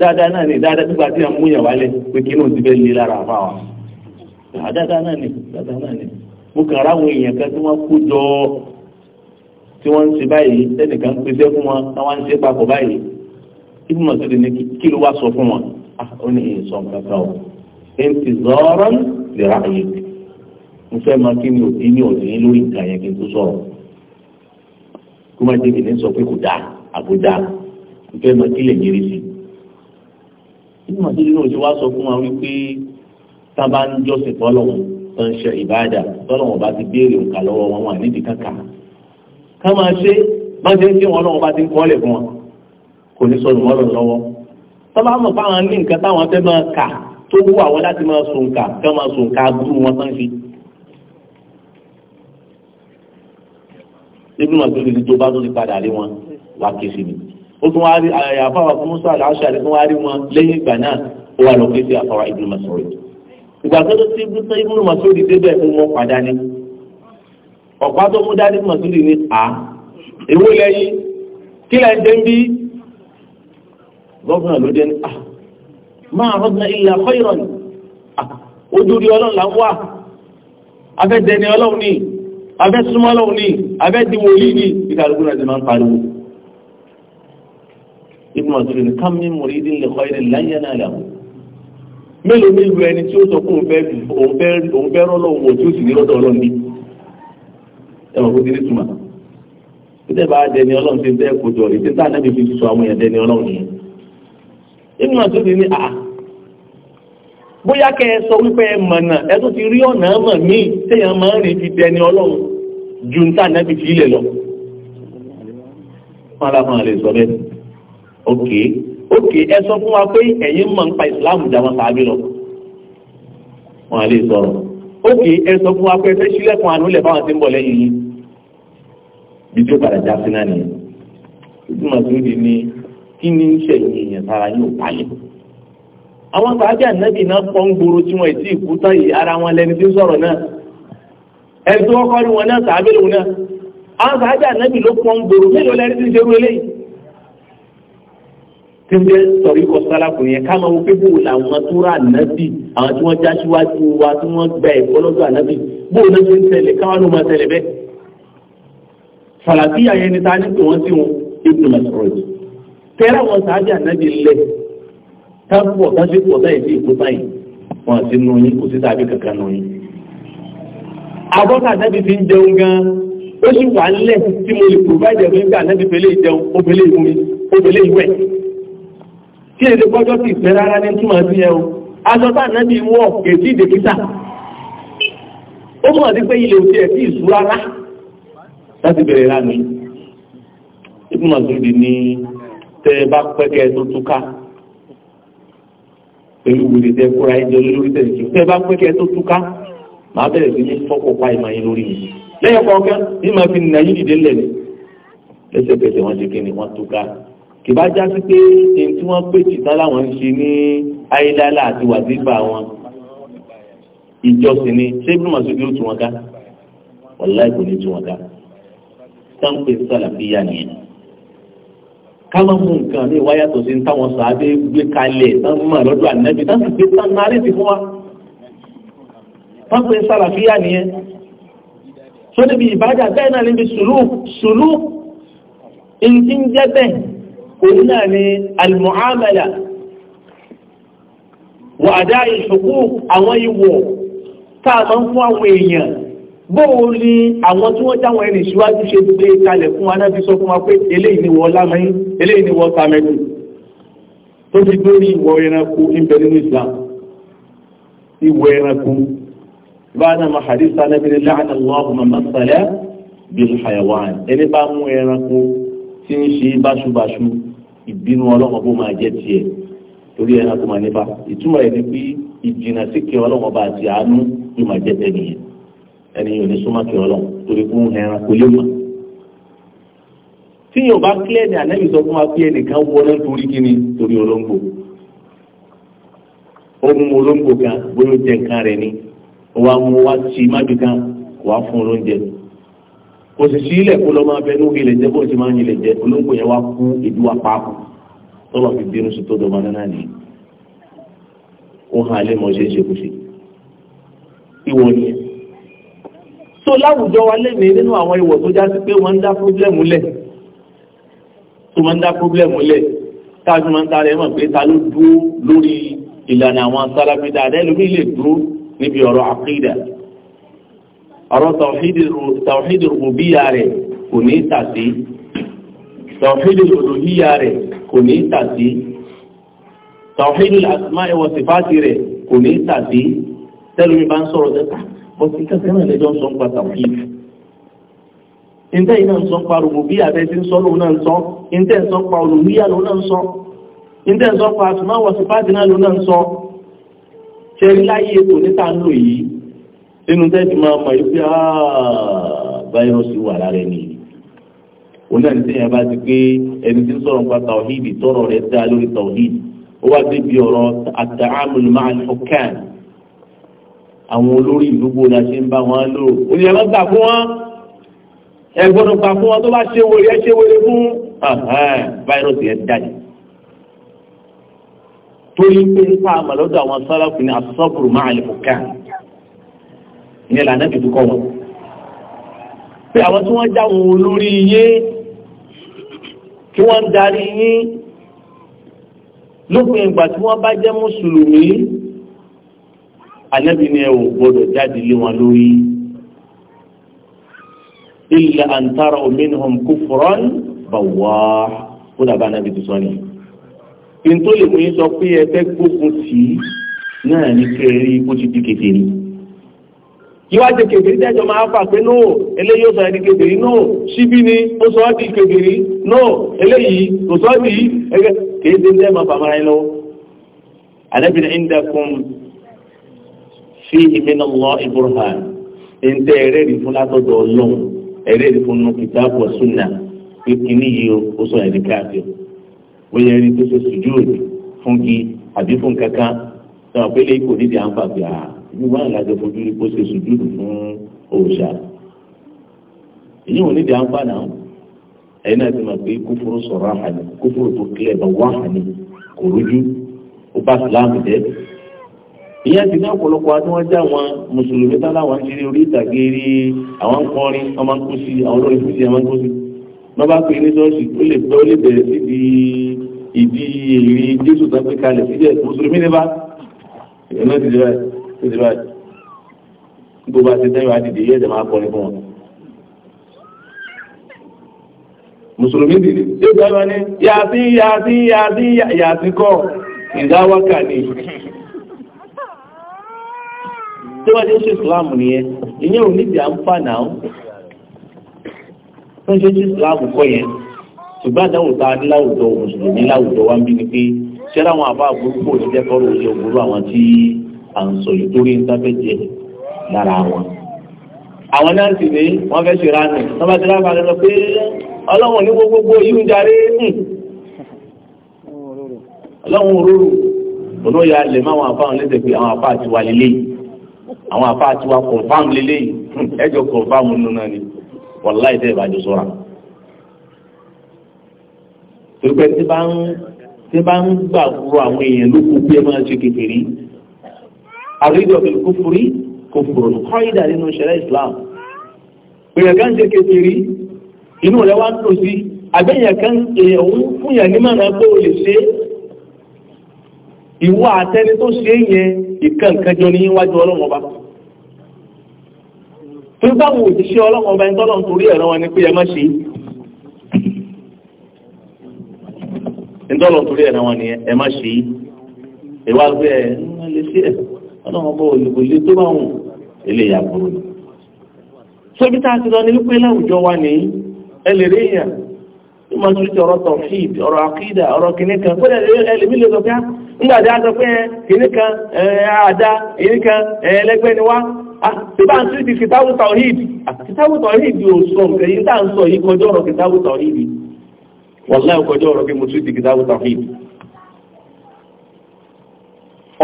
dáadáa náà ni dáadáa nígbà tí a mú yàn wálé pé kí náà ti fẹ́ lé lára àbá wa ah, dáadáa náà ni dáadáa náà ni mo kàn ra àwọn èèyàn kan tí wọ́n kó jọ tí wọ́n ń ṣe báyìí ẹnìkan ń pèsè fún wọn táwọn ń ṣe papọ̀ báyìí ibi mọ̀ sílẹ̀ ní kí ló wá sọ fún wọn ah, ó ní ìsọ kankan o ẹ̀ǹtì zọ́ọ́rọ́ lè ra àyè mo fẹ́ máa kí ni òbí ní ọ̀dọ̀ yín lórí nǹkan yẹn kí n tó sọ̀rọ̀ kó má débi ní sọ pé kò dáa àbò dáa mo fẹ́ máa kí lè yẹrí sí i ibi mọ̀ sílẹ̀ náà ti wá sọ fún wa wípé tá ń jọ́sìn fọ́lọ́hún tó ń ṣe ìbáàdà tọ́lọ́wọ́n bá ti béèrè òǹkà lọ́wọ́ wọn wà nídìí kankan ká máa ṣe má ṣe ń ṣe wọn lọ́wọ́ bá ti ń kọ́lẹ̀ fún wọn kò ní sọ̀rọ̀ mọ́rọ̀ lọ́wọ́ tọ́ba mọ̀ fáwọn ní nǹkan táwọn fẹ́ máa kà tó wú àwọn láti máa sùn kà kí wọ́n máa sùn kà gúrú wọn tán fi. ibi màtó lè di tó bá tó ti padà lé wọn wá ké sí mi ó tún wá rí àfáwà fún musa aláṣà rẹ tún wá rí wọn lẹ́yìn ìgbà náà ó wà lọ ké sí àfáwà Ibn Mas'ud ìgbà tó tó ti gbúdọ̀ Ibn Mas'ud débẹ̀ ń mọ́ padà ní ọ̀pá tó mú dání Mas'ud ní a èwo lẹ́yìn kí lẹ́yìn dé ń bí gọ́vùnà ló dé ní à máa rọ́gbọ́n ilẹ̀ àkọ́ ìrọ̀ ni ojú rí ọlọ́run là ń wà abẹ́ dẹni ọlọ́run ni abẹ́ súnmọ́ ọlọ́run ni abẹ́ di wòlíì ni ìkàlùkù náà ti máa ń pariwo ibùdó àtúndì ní kámi mòrí ìdí ilẹ̀ kọ́ ìrìn láyé náà làwù mélòó mélòó ẹni tí ó sọ fún òun fẹ́ rọ́lọ́run wò tí ó sì ní rọ́dọ̀ ọlọ́run ni ẹ̀wọ̀n kò ti ní túmọ̀ dẹni ọlọ́run ti dẹ́ kojú ọ̀rẹ́ títà náà fi inú àti ti ní àà ah, bóyá kẹ ẹ sọ wípé ẹ mọ̀nà ẹ tó ti rí ọ̀nà mọ̀ míì téèyàn máa ń rìn fi dẹni ọlọ́run ju ń tà náà fi fi ilẹ̀ lọ. fún aláfọ̀n lè sọ bẹ́ẹ̀ òkè òkè ẹ sọ fún wa pé ẹ̀yin mọ̀ ń pa ìsìláàmù jà wọn sàábì lọ. wọn à lè sọ̀rọ̀ ẹ sọ fún wa pé ẹ sílẹ̀kùn àánú lẹ̀ báwọn ti ń bọ̀ lẹ́yìn yìí. bí tí ó padà já sí náà nìyẹn. ìtumọ̀ kí ni ń ṣẹ̀yìn èèyàn sára yóò palẹ̀. àwọn sàájà nẹ́bì náà pọ́n gbòòrò tí wọ́n ti kú tán yìí ara wọn lẹni tí ń sọ̀rọ̀ náà ẹni tí wọ́n kọ́ ní wọn náà sàábẹ̀ lòun náà àwọn sàájà nẹ́bì ló pọ́n gbòòrò mélòó lẹni tí ń ṣerú eléyìí. tí ń jẹ́ sọ̀rí kọ sálàkùn yẹn ká máa wo pé bóun làwọn tó rà nẹ́bì àwọn tí wọ́n já síwájú wa tí wọ́n gba ẹ̀kọ́ lọ́dọ̀ ànẹ́bì bóun náà ṣe ń tẹ̀lé káwọn ló máa ni ta ní pé wọ́n tẹ́láwọ̀ sáájà náàbì lẹ̀ tábùbọ̀ táṣí pọ̀ táyì sí ìkó táyì wọn àti nù yín kò sí tàbí kankan nù yín. àbọ́sà náàbì fi ń jẹun gan ó sì wà nílẹ̀ tí mo lè provide ẹ̀mí gbà náàbì fẹ́lẹ́ ìjẹun ó fẹ́lẹ́ ìmú mi ó fẹ́lẹ́ ìwẹ̀. kí èdè gbọ́jọ́ sì pẹ́ rárá ní túmọ̀ sí ẹ o aṣọ tá náàbì wọ̀ kèjì dèkítà ó mọ̀ sí pé ilé òsì ẹ̀ sí ìṣúra rá láti bẹ̀rẹ̀ rá tẹ ẹ bá pẹ́kẹ́ tó túká pẹ̀lú wèrè tẹ kóra ẹjọ́ lórí tẹ̀ sí tẹ ẹ bá pẹ́kẹ́ tó túká màá bẹ̀rẹ̀ sí ní fọ́pọ̀ pa ìmọ̀ yín lórí mi lẹ́yìn kọ̀ọ̀kan bí màá fi nà yín dìde lẹ̀ lẹ́sẹ̀kẹsẹ̀ wọ́n ṣe kíni wọ́n túká kì bá já sí pé èyí tí wọ́n pè tìtá láwọn ṣe ní ayélujára àti wàdígbà wọn ìjọsìn ni ṣé bí màá sojú tún wọn ká wàláì kò ní tún wọn ká sáńpẹ̀ sálàfíà nìyẹn kámá mú nǹkan ní wáyà tó ṣe ń táwọn sàábé gbé kalẹ̀ tán mọ̀ lọ́dọ̀ ànábì tán sì gbé tán náírà ti fún wa. wọ́n pe sàràfíà nìyẹn tó níbi ìbájà bẹ́ẹ̀ náà níbi sùlúùkù sùlúùkù ìdí ń jẹ́ bẹ́ẹ̀ ni almuamala wàdá ìṣòkú àwọn ìwọ̀ tá a máa ń fún àwọn èèyàn bóò ni àwọn tí wọ́n jáwọn ẹni ìṣíwájú ṣe gbé kalẹ̀ fún wa náà fi sọ fún wa pé eléyìí ni wọ́n lámẹ́yìn eléyìí ni wọ́n sàmẹ́tù tó fi dórí ìwọ̀ ẹranko ìbẹ̀ nínú Islam ìwọ̀ ẹranko báyìí ma hadisa náà bíi láàánà lọ́wọ́ ma masalẹ̀ bil hayawan ẹni bá mú ẹranko tí ń ṣe báṣubàṣu ìbínú ọlọ́mọ bó máa jẹ́ tiẹ̀ torí ẹranko mà nípa ìtumọ̀ ẹ̀ ni pé ẹni yóò ní súnmọ́kì ọlọ́run torí fún ẹran kò lè mọ̀. tí yóò bá kílẹ̀ ní ànábì sọ fún wa pé ẹnìkan wọlé torí torí olóńgbò olóńgbò kan bóyá jẹ nǹkan rẹ ni wàá mú wá sí májú kan wàá fún kò sì sí ilẹ̀ kó lọ́ máa bẹ wa paapu tọ́lọ̀ fi bínú sí tó dọ̀bọ̀ náà nìyí ó hàn án lé mọ́ ṣe é ṣe so láwùjọ wa lẹ́nu nínú àwọn ìwọ̀ tó já sí pé wọ́n ń dá pọ́blẹ́mù lẹ̀ tó máa ń dá pọ́blẹ́mù lẹ̀ táàbí máa ń ta rẹ̀ mọ̀ pé ta ló dúró lórí ìlànà àwọn sálábí dáadáa ẹlòmíì lè dúró níbi ọ̀rọ̀ àkídà ọ̀rọ̀ tàwíìdì rùbíyà rẹ̀ kò ní tàsí tàwíìdì olùhíyà rẹ̀ kò ní tàsí tàwíìdì asma wa rẹ̀ kò ní tàsí tẹ́lómi bá ń òsì kankan náà lẹ́jọ́ ń sọ ń pa tàwíìd ntẹ́ yìí náà ń sọ ń pa rògbòbí àbẹ́sí ń sọ lòun náà ń sọ ntẹ́ ń sọ ń pa olùwíyà lòun náà ń sọ ntẹ́ ń sọ pa àtùmáwọ̀ sípáàdì náà lòun náà ń sọ tẹ́rí láyé ètò níta ń lò yìí nínú tẹ́jú máa mọ̀ yìí pé fáírọ́ọ̀sì ah, wà lára ẹni yìí náà ní sẹ́yìn bá pé ẹni tí ń sọ̀rọ̀ nípa tàwíìd tọ́rọ̀ rẹ̀ dá lórí tàwíìd ó wá débi ọ̀rọ̀ àtàámùlùmáà fọ́kàn àwọn olórí ìlú bó la ṣe ń bá wọn lò ó yẹ lọ́gbà fún wọn ẹ gbọ́dọ̀ gbà fún wọn tó bá ṣe wèrè ẹ ṣe wèrè fún fáírọ́ọ̀sì yẹn dájú. torí pé ń pa àmàlọ́dọ̀ àwọn sáràfù ní asọ́pùrù máa lè fò ká ìyẹn lànà fi kọ́ wọn. pé àwọn tí wọ́n já wọn olórí yé kí wọ́n darí yín lópin ìgbà tí wọ́n bá jẹ́ mùsùlùmí anabi ni ẹ ò gbọdọ̀ jáde lé wọn lórí illa an tarau minhum kufran bawwa ó dàbá anabi tó sọ ni. ìntò lè mú yín sọ pé ẹ fẹ́ gbógun tì í náà ní kẹrí ó ti di kékeré ìwádìí kèbèrè jẹ́jọ máa fà pé nóò eléyìí ó sọ ẹni kèbèrè nóò síbí ni ó sọ ọ́ di kèbèrè nóò eléyìí kò sọ ọ́ di ẹgbẹ́ kéde ń dẹ́ máa fàmọ́ra ẹ lọ́wọ́. àdẹ́bìnrin ń dẹ́kun fi ìmínà lọ ìbúrúhà ntẹ ẹrẹ́rìí fún látọ̀dọ̀ ọlọ́run ẹrẹ́rìí fún nùkìtà pọ̀ súnà pé kínní yìí ó sọ ẹ̀rí káàkiri bóyá ẹni tó ṣe sùjúùdù fún kí àbí fún kankan náà pélé kò nídìí à ń fà bíà ìlú wọn àlàjọ fojú rí kó ṣe sùjúùdù fún òòṣà èyí wọn nídìí à ń fà náà ẹ̀yin náà ti mọ̀ pé kúfúrú sọ̀rọ̀ àhàní kúfúrú tó kílẹ̀ bá wà àhàní kò rújú ó bá sùlámù ìyẹn ti ní ọ̀pọ̀lọpọ̀ àtúwọ́jà wọn mùsùlùmí tán láwọn ń ṣeré orí ìtàgé rí àwọn ń kọrin wọn máa ń kó sí àwọn olórin fúnṣe wọn máa ń kó sí wọn bá pè ní ṣọ́ọ̀ṣì ó lè bẹ́ ó lè bẹ̀rẹ̀ síbi ìdí èrí jésù tó gbé kalẹ̀ síbẹ̀ mùsùlùmí ní bá ìrìnà ti dìbà ti dìbà tó bá ti tẹ́wàá dìde yẹ́ ẹ̀dẹ̀ máa kọrin fún wọn. mùsùlùmí dìde yóò dábàá ní yàtí yàtí yàtí yàtí kọ́ ìdáwákà ni tí wọ́n ti ń ṣe islam nìyẹn ìyẹn ò níbi à ń fà náà wọ́n ṣe ń ṣe islam kọ́ yẹn ṣùgbọ́n àdáwò tá a ní láwùjọ mùsùlùmí láwùjọ wa ń bí ni pé ṣẹ́ra àwọn àbá àbúrúkú òṣìṣẹ́ kọ́rọ̀ òṣìṣẹ́ òwúrọ̀ àwọn tí à ń sọ yìí torí ń sábẹ́ jẹ lára wọn. àwọn náà sì ní wọ́n fẹ́ ṣe ránù wọ́n bá ti rá lọ pé ọlọ́run ní gbogbogbò àwọn àfáà tiwa confam lélẹ́yìn hmm, ẹjọ́ confam nínú náà ni wàláì tẹ́ ìbàjọ́ sọ́ra. pẹ̀lú tí bá ń tí bá ń gbàgbọ́ àwọn èèyàn ló kú pé máa ṣe kékeré àrídọ̀ bí kò fúrí kò fúrò kọ́ ìdá nínú ìṣẹ̀lẹ̀ Islam èèyàn kan ṣe kékeré inú rẹ̀ wá ń lò sí àbẹ́yẹn kan èèyàn fún yàn ní màrà pé o lè ṣe é ìwọ àtẹni tó ṣe yẹn ìkànkànjọ ní iwájú ọlọ́run ọba tó báwọn òṣìṣẹ́ ọlọ́run ọba ẹni tọ́lọ́run torí ẹ̀rọ wọn ni pé ẹ má ṣe ẹni tọ́lọ́run torí ẹ̀rọ wọn ni ẹ má ṣe ìwà pé ẹ ń lè ṣe ẹ ọlọ́run ọba òyìnbó ilé tó bá wọn ilé ìyàgbọ́n ni. sóbi tá a ti lọ ní wípé láwùjọ wa ní ẹ lè rí èèyàn tó máa ń sọ ọ̀rọ̀ tọ̀fíìd ọ̀rọ̀ àkídà ọ̀rọ̀ kìnìkan kó nígbàtí a sọ pé kìíní kan àdá kìíní ẹlẹ́gbẹ́ ni wá síbá ń tún ti kìtàbù tawhid kìtàbù tawhid ò sọ nǹkan yìí tá à ń sọ yìí kọjọ́ ọ̀rọ̀ kìtàbù tawhid wàlá ìkọjọ́ ọ̀rọ̀ kí mo tún ti kìtàbù tawhid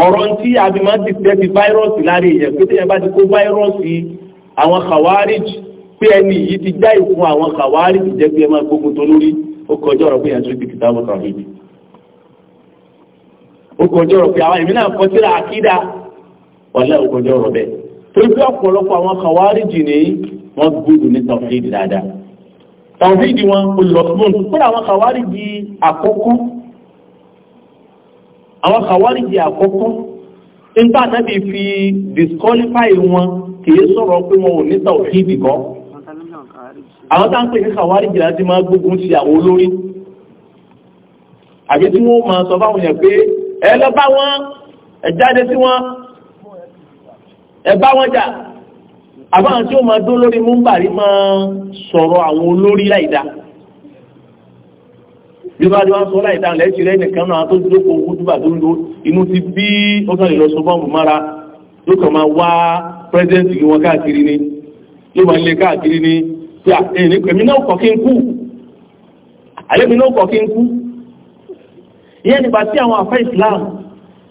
ọ̀rọ̀ tí abimá ti tẹ́ ti fáírọ́ọ̀sì lárí ìyẹn pé tẹ́yẹ bá ti kó fáírọ́ọ̀sì àwọn khawarij pé ẹni yìí ti já ìfún àwọn khawarij jẹ́ pé ẹ máa gbógun tó lórí ó kọjọ́ ọ̀rọ̀ pé yẹn tún ti kìtàbù tawhid ó kọjọ́ ọ̀rọ̀ pé àwọn èmi náà kọ síra àkídà ọ̀lẹ́ ó kọjọ́ ọ̀rọ̀ bẹ́ẹ̀ torí pé ọ̀pọ̀lọpọ̀ àwọn kàwárìjì ní wọ́n gbúdù ní tọ̀fíìdì dáadáa tọ̀fíìdì wọn olùlọ́sùn fún àwọn kàwárìjì àkọ́kọ́ àwọn kàwárìjì àkọ́kọ́ nígbà náà bí fi disqualify wọn kìí sọ̀rọ̀ pé wọn ò ní tọ̀fíìdì kọ́ àwọn tá ń pè ní kàwárìjì láti máa gbógun ti àwọn olórí àbí tí wọ́n máa sọ fáwọn yẹn pé ẹ lọ bá wọn ẹ jáde sí wọn ẹ bá wọn jà àbáwọn tí ó máa dó lórí múmbàrí máa sọ̀rọ̀ àwọn olórí láìda bí wọ́n ti wá sọ láìda lẹ́sìn rẹ̀ nìkan náà tó dúró kúndùbà tó ń lo inú ti bí ó sọ lè lọ sọ bọ́ọ̀mù mára ló kàn máa wá pírẹ́sẹ̀ǹtì kí wọ́n káàkiri ni ló máa lé káàkiri ni pé èmi náà kọ̀ kí n kú àyẹ̀mí náà kọ̀ kí n kú ìyẹn nígbà tí àwọn àfẹ́ Islam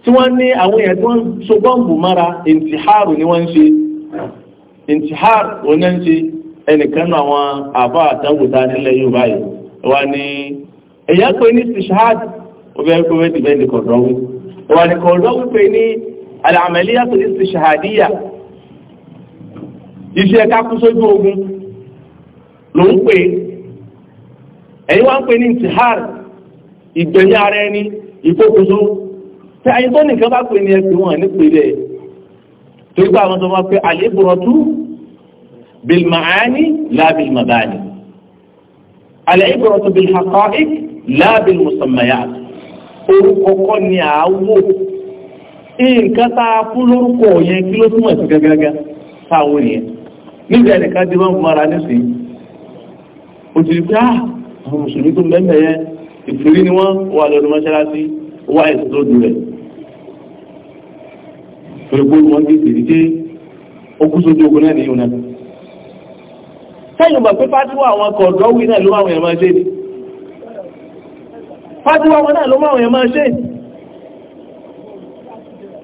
tí wọ́n ní àwọn èèyàn tí wọ́n so bọ́ǹbù mára ìntìhárù ni wọ́n ń ṣe ìntìhárù oní ń ṣe ẹnìkan náà àwọn àbá àtàwùta nílẹ̀ Yorùbá yìí wọ́n ní èèyàn pé ní ìṣáàdì obìnrin pé bẹ́ẹ̀ ní kọ̀dọ̀wù wọ́n ní kọ̀dọ̀wù pé ní alàmẹ́líyà tó ní ìṣáàdìyà iṣẹ́ kákú sójú ogun ló ń pè ẹ̀yìn wá ń pè ní ìntìhárù ìgbẹ̀yà ara ẹni ìkókòsó tí ayé tó nìkan bá pè ní ẹgbẹ̀ wọn nípe rẹ̀ tó gbà àwọn tó máa pé àlébùrọ̀tú bilmaani lábìl mabani àlébùrọ̀tú bilhaqa'iq lábìl musammayat orúkọ kọ́ ni àáwò nǹkan tá a fún lórúkọ yẹn kí ló túmọ̀ sí gágágá táwọn yẹn níbi ẹnìkan tí wọ́n mara nísìnyí òtún ìgbà ah, àwọn mùsùlùmí tó mẹ́mẹ́ yẹn ìtìrí ni wọ́n wà lọ́dún mọ́ṣáláṣí wá ẹ̀sùn lójú rẹ̀ torí pé wọ́n ti tèrí pé ó kú sójú ogun náà nìyí náà sẹ́yìn mọ̀ pé fásiwọ́ àwọn kọ̀ọ̀dọ́ wí náà ló máa wọ̀nyẹ̀ máa ṣe fásiwọ́ wọn náà ló máa wọ̀nyẹ̀ máa ṣe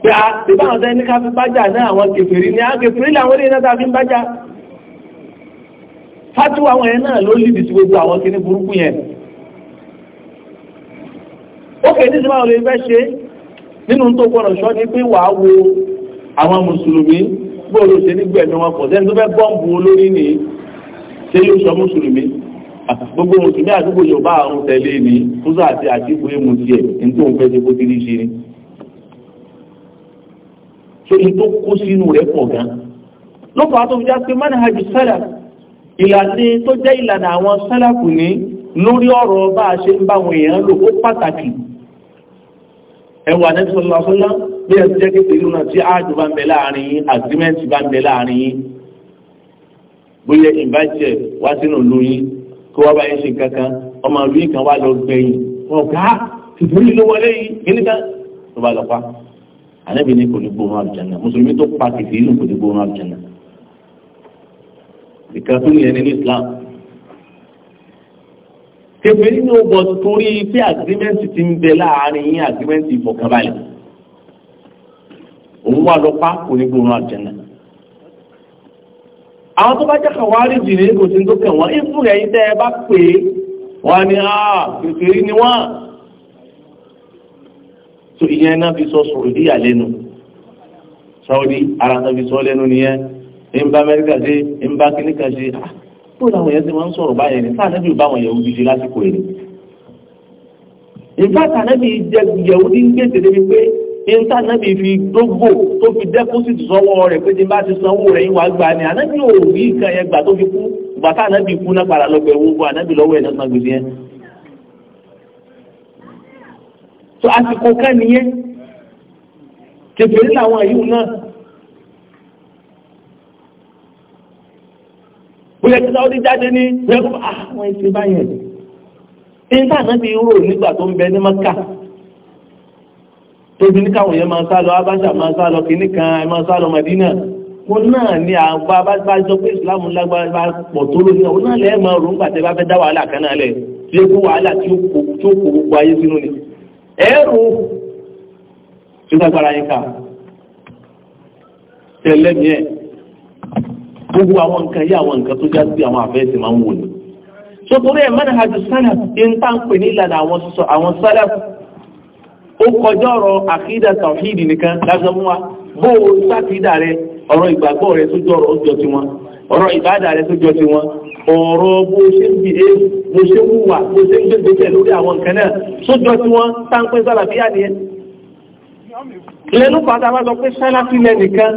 pé a ti bá àwọn sẹ́yìn ní ká fi bájà náà àwọn kèfèrí ni àwọn kèfèrí làwọn ilé náà ta fi ń bájà fásiwọ́ àwọn náà ló lìdí sí gbogbo àwọn kiní burúkú yẹn ó kè ní ìsinmi àwọn olùfẹ́ ṣe nínú tó gbọ́dọ̀ ṣọ́ ní pé wàá wo àwọn mùsùlùmí gbọ́dọ̀ ṣe nígbà ẹ̀mí wọn pọ̀ sẹ́ni tó fẹ́ bọ́ǹbù olórí ni ṣé yóò sọ mùsùlùmí gbogbo mùsùlùmí àdúgbò yorùbá àrùn tẹ̀lé ni fúnṣọ àti àtìkú èmu tiẹ̀ ní tó ń fẹ́ ṣe kó ti rí ṣe ni so in tó kó sínú rẹ̀ pọ̀ gan lọ́pọ̀ àtọ́ fi já pé manhaj sálà ìlànà tó jẹ́ ìlànà àwọn sálàkù ní lórí ọ̀rọ̀ bá a ṣe ń bá àwọn èèyàn lò ó pàtàkì ẹwà nẹ́sọ̀lá sọ́lá bí ẹ ti jẹ́ kékeré lónà tí áàjù bá ń bẹ láàrin yín àgírímẹ́ǹtì bá ń bẹ láàrin yín bóyá ìbáṣẹ wá sínú lóyún kó wá báyìí ṣe kankan ọmọ lóyún kan wá lọ gbẹ̀yìn ọ̀gá tìtúrí ló wọlé yìí kíníkà ló bá lọ pa ànábì ní kò ní gbóhùn àlùjánnà mùsùlùmí tó pa kìfìrí nù kò ní gbóhùn àlùjánnà ìkàtúnyẹn ní Islam tèpè nínú ọgbọ torí pé agirimẹǹtì ti ń bẹ láàrin yín agirimẹǹtì ìfọ̀kànbalẹ̀ òun wà lọpá kò ní gbóòórùn àjẹnà àwọn tó bá jẹ́ kàwárí jì ní kò sí tó kàn wọ́n ìfún ẹ̀yìn tẹ́ ẹ bá pè é wọ́n ni àà kèfèrí ni wọ́n tó ìyẹn náà fi sọ sòròdí àlẹ́nu Saudi ara náà fi sọ lẹ́nu nìyẹn ń bá Amẹ́ríkà ṣe ń kíníkà ṣe ah, tó làwọn yẹn ti máa ń sọ̀rọ̀ báyẹn ní sáà nẹ́bí bá wọn yẹ̀wò dídí lásìkò yẹn. ìfá sànẹ́bí jẹ yẹ̀wò ní gbèsè débi pé ní sáà nẹ́bí fi dógò tó fi dẹ́kọ́sìtì sọ́wọ́ rẹ̀ pé tí bá ti sanwó rẹ̀ yín wá gbà ní ànẹ́bí ò rí nǹkan yẹn gbà tó fi kú ìgbà sáà nẹ́bí kú náà padà lọ pẹ̀lú owó ànẹ́bí lọ́wọ́ ẹ̀ san gbèsè yẹn. tó àsìkò ká nìyẹn ó yẹ kí sáwọ́dí jáde ní ẹkùn àwọn ẹ̀sìn báyẹn nígbà náà ti rò nígbà tó ń bẹ ní mọ́kà tóbi ní káwọn yẹn máa sá lọ abáṣà máa sá lọ kìíní kan ẹ máa sá lọ màdínà wọn náà ní àgbà bá jọ pé ìsìláàmù lágbára bá pọ̀ ẹ̀rù tí ó ká tẹ̀lé ẹ̀ gbogbo àwọn nǹkan yí àwọn nǹkan tó já sí àwọn àfẹ́sì máa ń wò ní. sotori ẹ̀ mẹ́rin hajj salaf ń tà ń pè ní ìlànà àwọn salaf ó kọjá ọ̀rọ̀ àkídà tawhid nìkan lásán mú wa bó o sákìdá rẹ ọ̀rọ̀ ìgbàgbọ́ rẹ tó jọ ọjọ́ ti wọn ọ̀rọ̀ ìbádà rẹ tó jọ ti wọn ọ̀rọ̀ bó ṣe ń bìí bó ṣe ń wùwà bó ṣe ń gbẹ̀gbẹ̀ lórí àwọn nǹkan náà tó jọ ti wọn táǹpẹ́ sálàfíà nìyẹn lẹ́nu pàtàkì sọ pé sálàfíà nìkan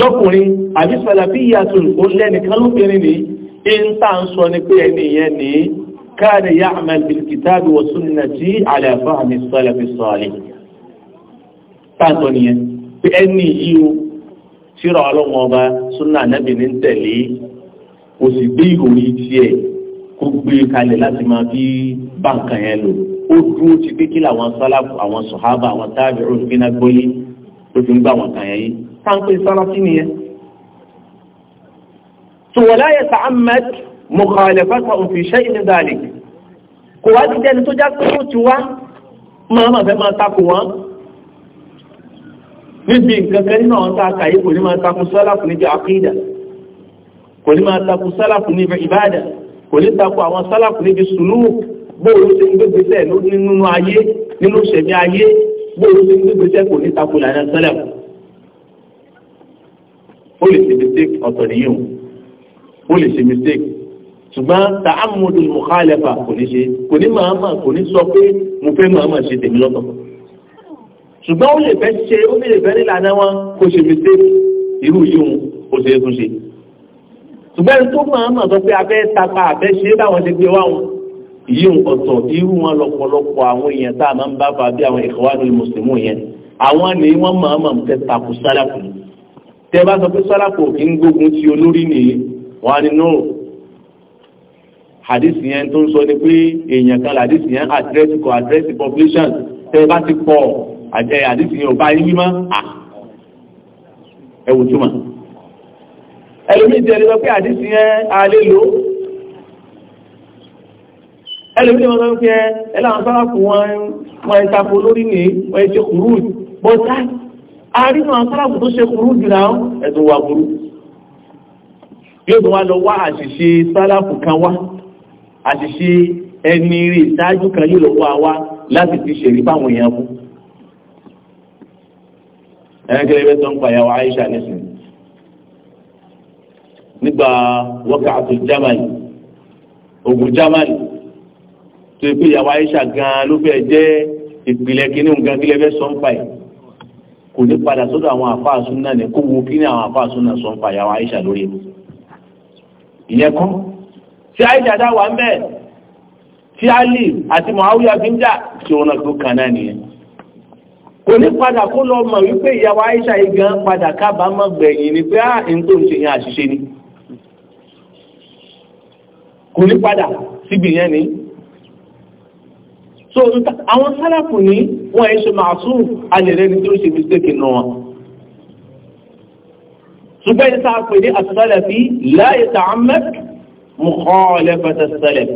lọ́kùnrin àbí sàlàfíyàtùn ó lẹ́nìkan lóbìnrin ní ìntà ń sọ ní pé ẹni ìyẹn ní káàdì yá àmàlì kìtàbí wa sunnati ala fahmi sàlàfí salih tààtọ̀ nìyẹn pé ẹni yíò síra ọlọ́wọ́n ọba súnà nábì ní tẹ̀lé kò sì gbé ìròyìn tiẹ̀ kó gbé e kalẹ̀ láti ó dúró ti pé kí làwọn sálàfù àwọn sọ̀hábà àwọn táàbì rò fi náà fi ń gbà wọn kàn yẹn yìí táǹpé sálàfí nìyẹn tó wọ́n láyé sàámẹ́t mọ̀kànlẹ̀fẹ́sà òfin iṣẹ́ ìní dàlẹ̀ kò wá ti jẹ́ni tó já pé ó ti wá máa máa fẹ́ máa takò wọ́n níbi nǹkan kan nínú àwọn tá a kà yìí kò ní máa takò sálàfù níbi àkídà kò ní máa takò sálàfù níbi ìbádà kò ní takò àwọn sálàfù níbi sùlúù bóòlù ti ń nínú ayé nínú ìṣẹ̀mí ayé bóòlù ti ń kò ní takò lànà sálàfù ó lè ṣe mistake ọ̀tọ̀ nìyẹn ó lè ṣe mistake ṣùgbọ́n tààmùdù mùkálẹ́fà kò ní ṣe kò ní máa máa kò ní sọ pé mo fẹ́ máa máa ṣe tèmi lọ́tọ̀ ṣùgbọ́n ó lè fẹ́ ṣe ó lè fẹ́ nílànà wọn kó ṣe mistake irú yìí ó ṣe é tún ṣe ṣùgbọ́n ẹni tó máa máa sọ pé abẹ́ tapa abẹ́ ṣe báwọn ṣe gbé wáwọn yìí ọ̀tọ̀ irú wọn lọ́pọ̀lọpọ̀ àwọn èèyàn tá a máa ń bá fa bí àwọn Ikhwanul Muslimun yẹn àwọn ni máa máa fẹ́ takò tẹ bá sọ pé sọ́lápò kì ń gbógun ti olórí nìyí wọn á ní yẹn tó ń sọ ni pé èèyàn kan làdìsí yẹn àdírẹ́sì kọ àdírẹ́sì population tẹ bá ti pọ̀ àdìsí yẹn ò bá yín mọ́ à ẹ wò túmọ̀ ẹlòmíì tẹ ẹ lọ pé àdìsí yẹn alẹ́ lò ẹlòmíì wọn lọ pé ẹ láwọn sọ́lápò wọn ẹ tako lórí nìyí wọn ẹ ṣe kúrú bọ́tà àrínú àwọn sáràbù tó ṣe kúrú jùlá ẹ̀tùn wà burú yóò tó wá lọ wá àṣìṣe sáràbù kan wá àṣìṣe ẹni rí ìṣáájú kan yóò lọ wá wá láti ti ṣèrí fáwọn èèyàn mú ẹ̀rẹ́gẹ́rẹ́ bẹ́ẹ̀ tó ń pa ìyàwó Aisha nísìn nígbà wákàtí Jamal ogun Jamal tó ìpè ìyàwó Aisha gan ló fẹ́ jẹ́ ìpìlẹ̀ kínní nǹkan kílẹ̀ fẹ́ sọ́ńpa yìí kò ní padà sọ́dọ̀ àwọn àfáàsún náà ní kó wo kí ní àwọn àfáàsún náà sọ ń pa ìyàwó Aisha lórí ìyẹn kọ́ tí Aisha dá wà ń bẹ̀ tí Ali àti Muawiya fi ń jà tí òun náà tó kàn náà nìyẹn kò ní padà kó lọ mọ̀ wípé ìyàwó Aisha yìí gan padà kábàámọ̀ gbẹ̀yìn ni pé ah tó ń ṣe yẹn àṣìṣe ni kò ní padà síbi yẹn ni so àwọn sálàkù ní wọn ẹ̀ ṣe màásù alẹ́rẹ́ ní tó ṣe mistake nù wọn. ṣùgbọ́n ẹni tá a pè ní as-salafi la yata'ammad mukhalafat as-salaf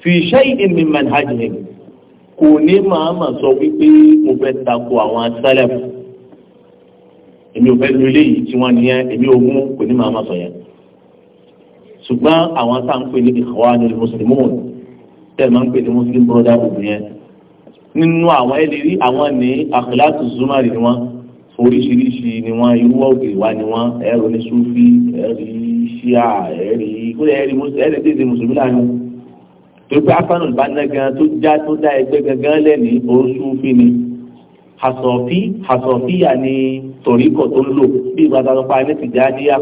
fi shay'in min manhajihim kò ní máa mà sọ wípé mo fẹ́ tako àwọn as èmi ò fẹ́ lu eléyìí tí wọ́n nìyẹn èmi ò kò ní máa mà sọ yẹn ṣùgbọ́n àwọn tá à ń ní ikhwanul tẹ́ máa ń pè ní muslim brotherhood yẹn nínú àwọn ẹlẹ́rìí àwọn ní àkìláàtù zumari ni wọ́n oríṣiríṣi ni wọ́n irú òkè wa ni wọ́n ẹ̀rọ ní sufi ẹ̀rí ṣíà ẹ̀rí kúrẹ́ ẹ̀rí ẹ̀rí tètè mùsùlùmí láàrin torípé afánù ìbáná gan tó já tó dá ẹgbẹ́ gangan lẹ́ni òun sufi ni hasọ̀fí hasọ̀fíyà ni tọ̀ríkọ̀ tó ń lò bí ìgbà tó ń pa ní tìjáníyà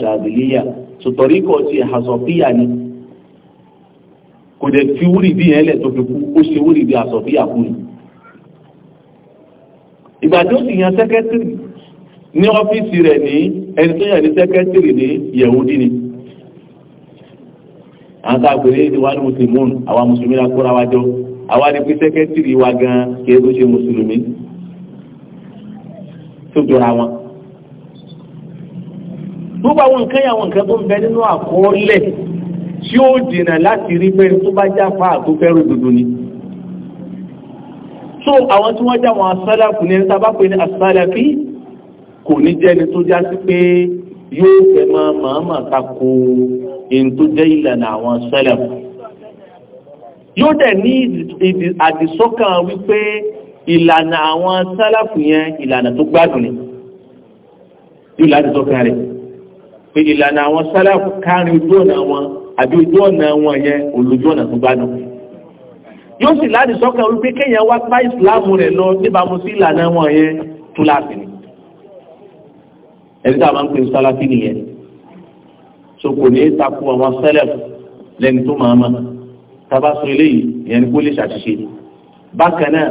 ṣàbìlíyà tó tọ̀ríkọ̀ ti hasọ̀fíyà ni kò dẹ̀ fi wúrì bí yẹn lẹ̀ tó fi kú ó ṣe wúrì bí aṣọ bí àkúrò ìgbà tó sì yan sẹ́kẹ́tìrì ní ọ́fíìsì rẹ̀ ní ẹni tó yàn ní sẹ́kẹ́tìrì ní yẹ̀wúdí ni àwọn tá a pèrè ní wàá ní mùsùlùmí àwa mùsùlùmí la kóra wa jọ àwa ni pé sẹ́kẹ́tìrì wa gan kìí tó ṣe mùsùlùmí tó jọra wọn. gbogbo àwọn nǹkan yẹn àwọn nǹkan tó ń bẹ nínú àkọọ́lẹ̀ tí ó dìnà láti rí pé tó bá jáfà tó fẹ́rù dúdú ni so àwọn tí wọ́n já wọn asálàfù ní ẹni tàbá pé ní asálàfí kò ní jẹ́ni tó já sí pé yóò fẹ́ máa màámà tako in tó jẹ́ ìlànà àwọn asálàfù yóò dẹ̀ ní àdìsọ́kàn wípé ìlànà àwọn asálàfù yẹn ìlànà tó gbádùn ni yóò láti sọ́kàn rẹ̀ pé ìlànà àwọn asálàfù kárin ojú ọ̀nà wọn àbí ojú ọ̀nà wọn yẹn olójú ọ̀nà tó gbádùn yóò sì láti sọ́kàn wípé kéèyàn wá pa ìsìláàmù rẹ̀ lọ níbàámu sí ìlànà wọn yẹn túláàsì ni ẹni tá a máa ń pè sálàfí nìyẹn so kò ní í takò àwọn sẹ́lẹ̀fù lẹ́ni tó máa ma tábà sọ eléyìí ìyẹn ni kó lè ṣàṣìṣe bákan náà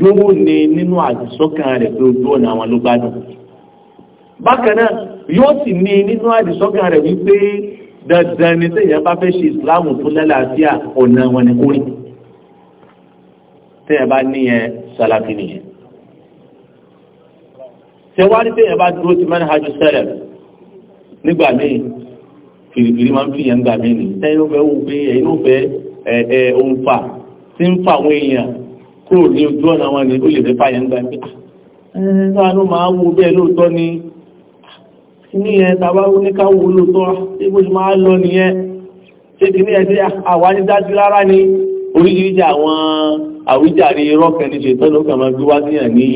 yóò ní nínú àdìsọ́kàn rẹ̀ pé ojú ọ̀nà àwọn ló gbádùn bákan náà yóò sì ní nínú àdìsọ́kàn rẹ̀ wípé dandan ni téèyàn bá fẹ́ ṣe ìsìláàmù tó lálàáfíà ọ̀nà wọn ni kò rí téèyàn bá níyẹn sàlàfí nìyẹn tẹwárí téèyàn bá dúró ti manhaj salaf nígbà míì kìrìkìrì máa ń fi yẹn gbà mí nìyí tẹ́yìn ó fẹ́ wò pé ẹ̀yin ó fẹ́ ẹ̀ ẹ̀ òun fà tí ń fa àwọn èèyàn kúrò ní ojú ọ̀nà wọn ni ó lè fẹ́ fà yẹn gbà mí. ẹ̀ ah, máa ń bẹ́ẹ̀ lóòótọ́ ni kìíní ẹ̀ tàbá oníkáwò olóòtọ́ tí bó ṣe máa lọ nìyẹn ṣe kìíní ẹ̀ tí àwa rárá ni oríṣiríṣi àwọn àwíjàre rọ́ọ̀kẹ́ ní ṣètọ́ ló kàn máa gbé wá sí ní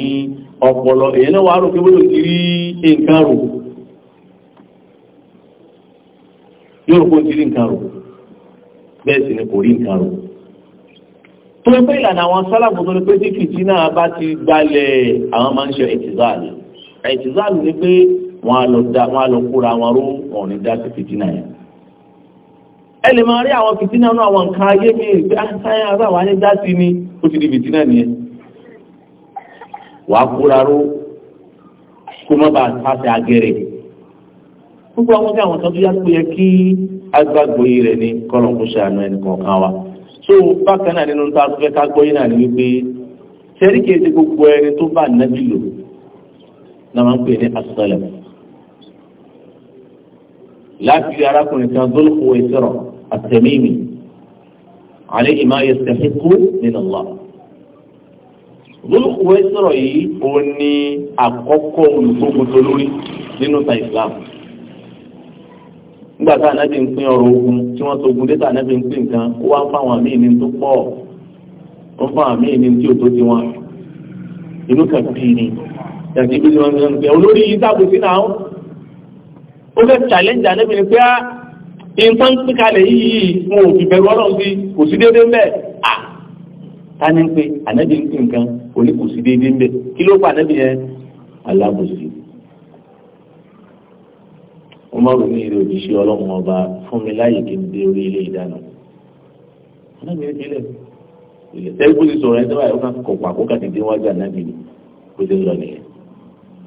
ọpọlọ èyí náà wàá rò pé bóyá ti rí nǹkan rò yóò rò pé kiri ti rí nǹkan rò bẹ́ẹ̀ sì ni kò rí nǹkan rò tó ń pè ìlànà àwọn sálàbù tó ní pé tí fìtínà bá ti gbalẹ̀ àwọn máa ń ṣe ẹ̀tìzáàlì ẹ̀tìzáàlì ni pé wọn á lọ da wọn á lọ kóra wọn ró wọn ò ní dá sí fìtínà yẹn. ẹ lè máa rí àwọn fìtínà náà àwọn nǹkan ayé mi pé sáyẹn ah, àbá wà ní dá sí ni ó ti di fìtínà nìyẹn. wà á kóra ró kó má bàa sáfẹ́ agẹ́rẹ́. gbogbo àwọn kí àwọn kan tó yá pé yẹ kí agbágbóyè rẹ ní kọ́lọ́kù ṣàánú ẹnì kọ̀ọ̀kan wa. tó bákan náà nínú tá a fẹ́ ká gbóyè náà ni wípé sẹ́ríkì ètò gbogbo ẹni tó bá nàbí lò náà máa ń pè ní láti fi arákùnrin kan zolkó ìṣòro àtẹ̀mímì alẹ́ ìmá yastahiqu min Allah. zolkó ìṣòro yìí ó ní àkọ́kọ́ olùgbógunto lórí nínú ta Islam. nígbà tá ànábì ń pín ọrọ̀ ogun tí wọ́n tó ogun dẹ́tà ànábì ń pín nǹkan ó wá ń fáwọn míì ní tó pọ̀ ó ń fáwọn míì ní tí ò tó ti wọn. inú kan bí ni yàtí bí wọ́n ń gbẹ olórí yìí dábòsí náà ó fẹ́ challenge ànábì ni pé á ah, nǹkan ń pínkalẹ̀ yìí mo ò fi bẹ̀rù ọlọ́run sí kò sí déédéé mbẹ́ à ah, ta ni ń pe nǹkan kò ní kò sí déédéé mbẹ́ kí ló pa ànábì yẹn alábòsí. wọ́n máa rò ní ìrè òjíṣẹ́ ọlọ́run ọba fún mi láàyè kí n dé orí ilé ìdáná ànábì ń kílẹ̀ ìlẹ̀tẹ́ gbóni sọ̀rọ̀ ẹni tó báyìí ó kàn kọ̀ pàkó kàtí dé wájú ànábì ni kó lè lọ nìyẹn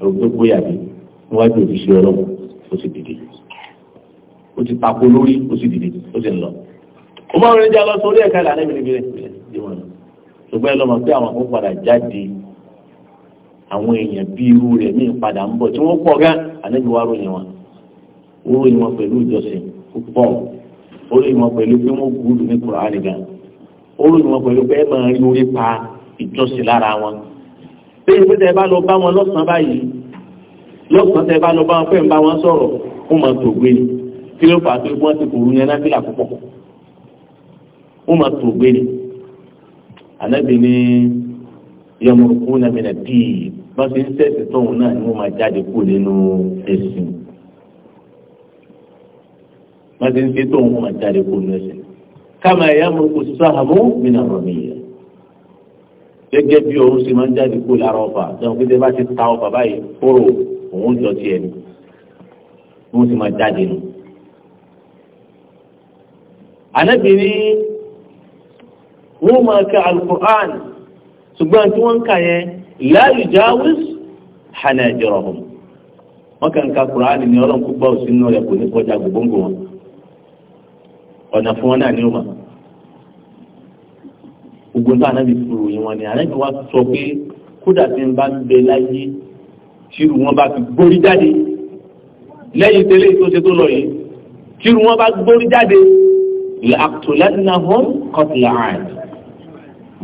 rògbòdó gbóyà bí wájú òjíṣẹ́ ọlọ́run ó sì dìde ó ti pàkó lórí ó sì dìde ó sì ń lọ ó máa ń rìn jà lọ sórí ẹ̀ka ìlànà ìbìlẹ̀bìlẹ̀ ṣùgbọ́n ẹ lọ́mọ pé àwọn kan padà jáde àwọn èèyàn bí irú rẹ̀ ní ìpadà ń bọ̀ tí wọ́n pọ̀ gan ànábi wa ròyìn wọn ó ròyìn wọn pẹ̀lú ìjọsìn púpọ̀ ó ròyìn wọn pẹ̀lú pé wọ́n gbúdù ní kùránì gan ó ròyìn wọn pẹ̀lú pé ẹ máa rí orí pa ìjọsìn lára wọn pé ìpínlẹ̀ bá lọ bá wọn lọ́sàn-án báyìí lọ́sàn-án tẹ́ bá lọ bá wọn fẹ́ ń bá wọn sọ̀rọ̀ wọ́n máa tó gbé ni kí ló fà á tó wọ́n ti kòrò yẹn náfìlà púpọ̀ wọ́n máa tó gbé ni ànábì ní yọmọkú nàmínà díì wọ́n ti ń sẹ́sì tóun náà ni wọ́n máa jáde kú nínú ẹ̀sìn wọ́n ti ń sẹ́sì tóun wọ́n máa jáde kú nínú ẹ̀sìn káma yọmọkú sáhàmú mìíràn rọ̀ nìyẹn gẹ́gẹ́ bí òun ṣe máa ń jáde kú lára ọ̀fà òun jọ tiẹ̀ ni wọ́n sì máa jáde nù. ànábì ní wọ́n máa ka alukur'an ṣùgbọ́n tí wọ́n ń kà yẹn láàyè jáwéz hanajirahum wọ́n kàn ka ọlọ́run rẹ̀ kò ní kọjá gbogbo wọn ọ̀nà fún wọn náà ní wọn ni ànábì wa sọ pé kódà tí n bá tírù wọn bá ti gbórí jáde lẹ́yìn tẹ́lẹ̀ tó ṣe tó lọ yìí tírù wọn bá gbórí jáde làtòlẹ́nà hàn kọ́tìlà àìdì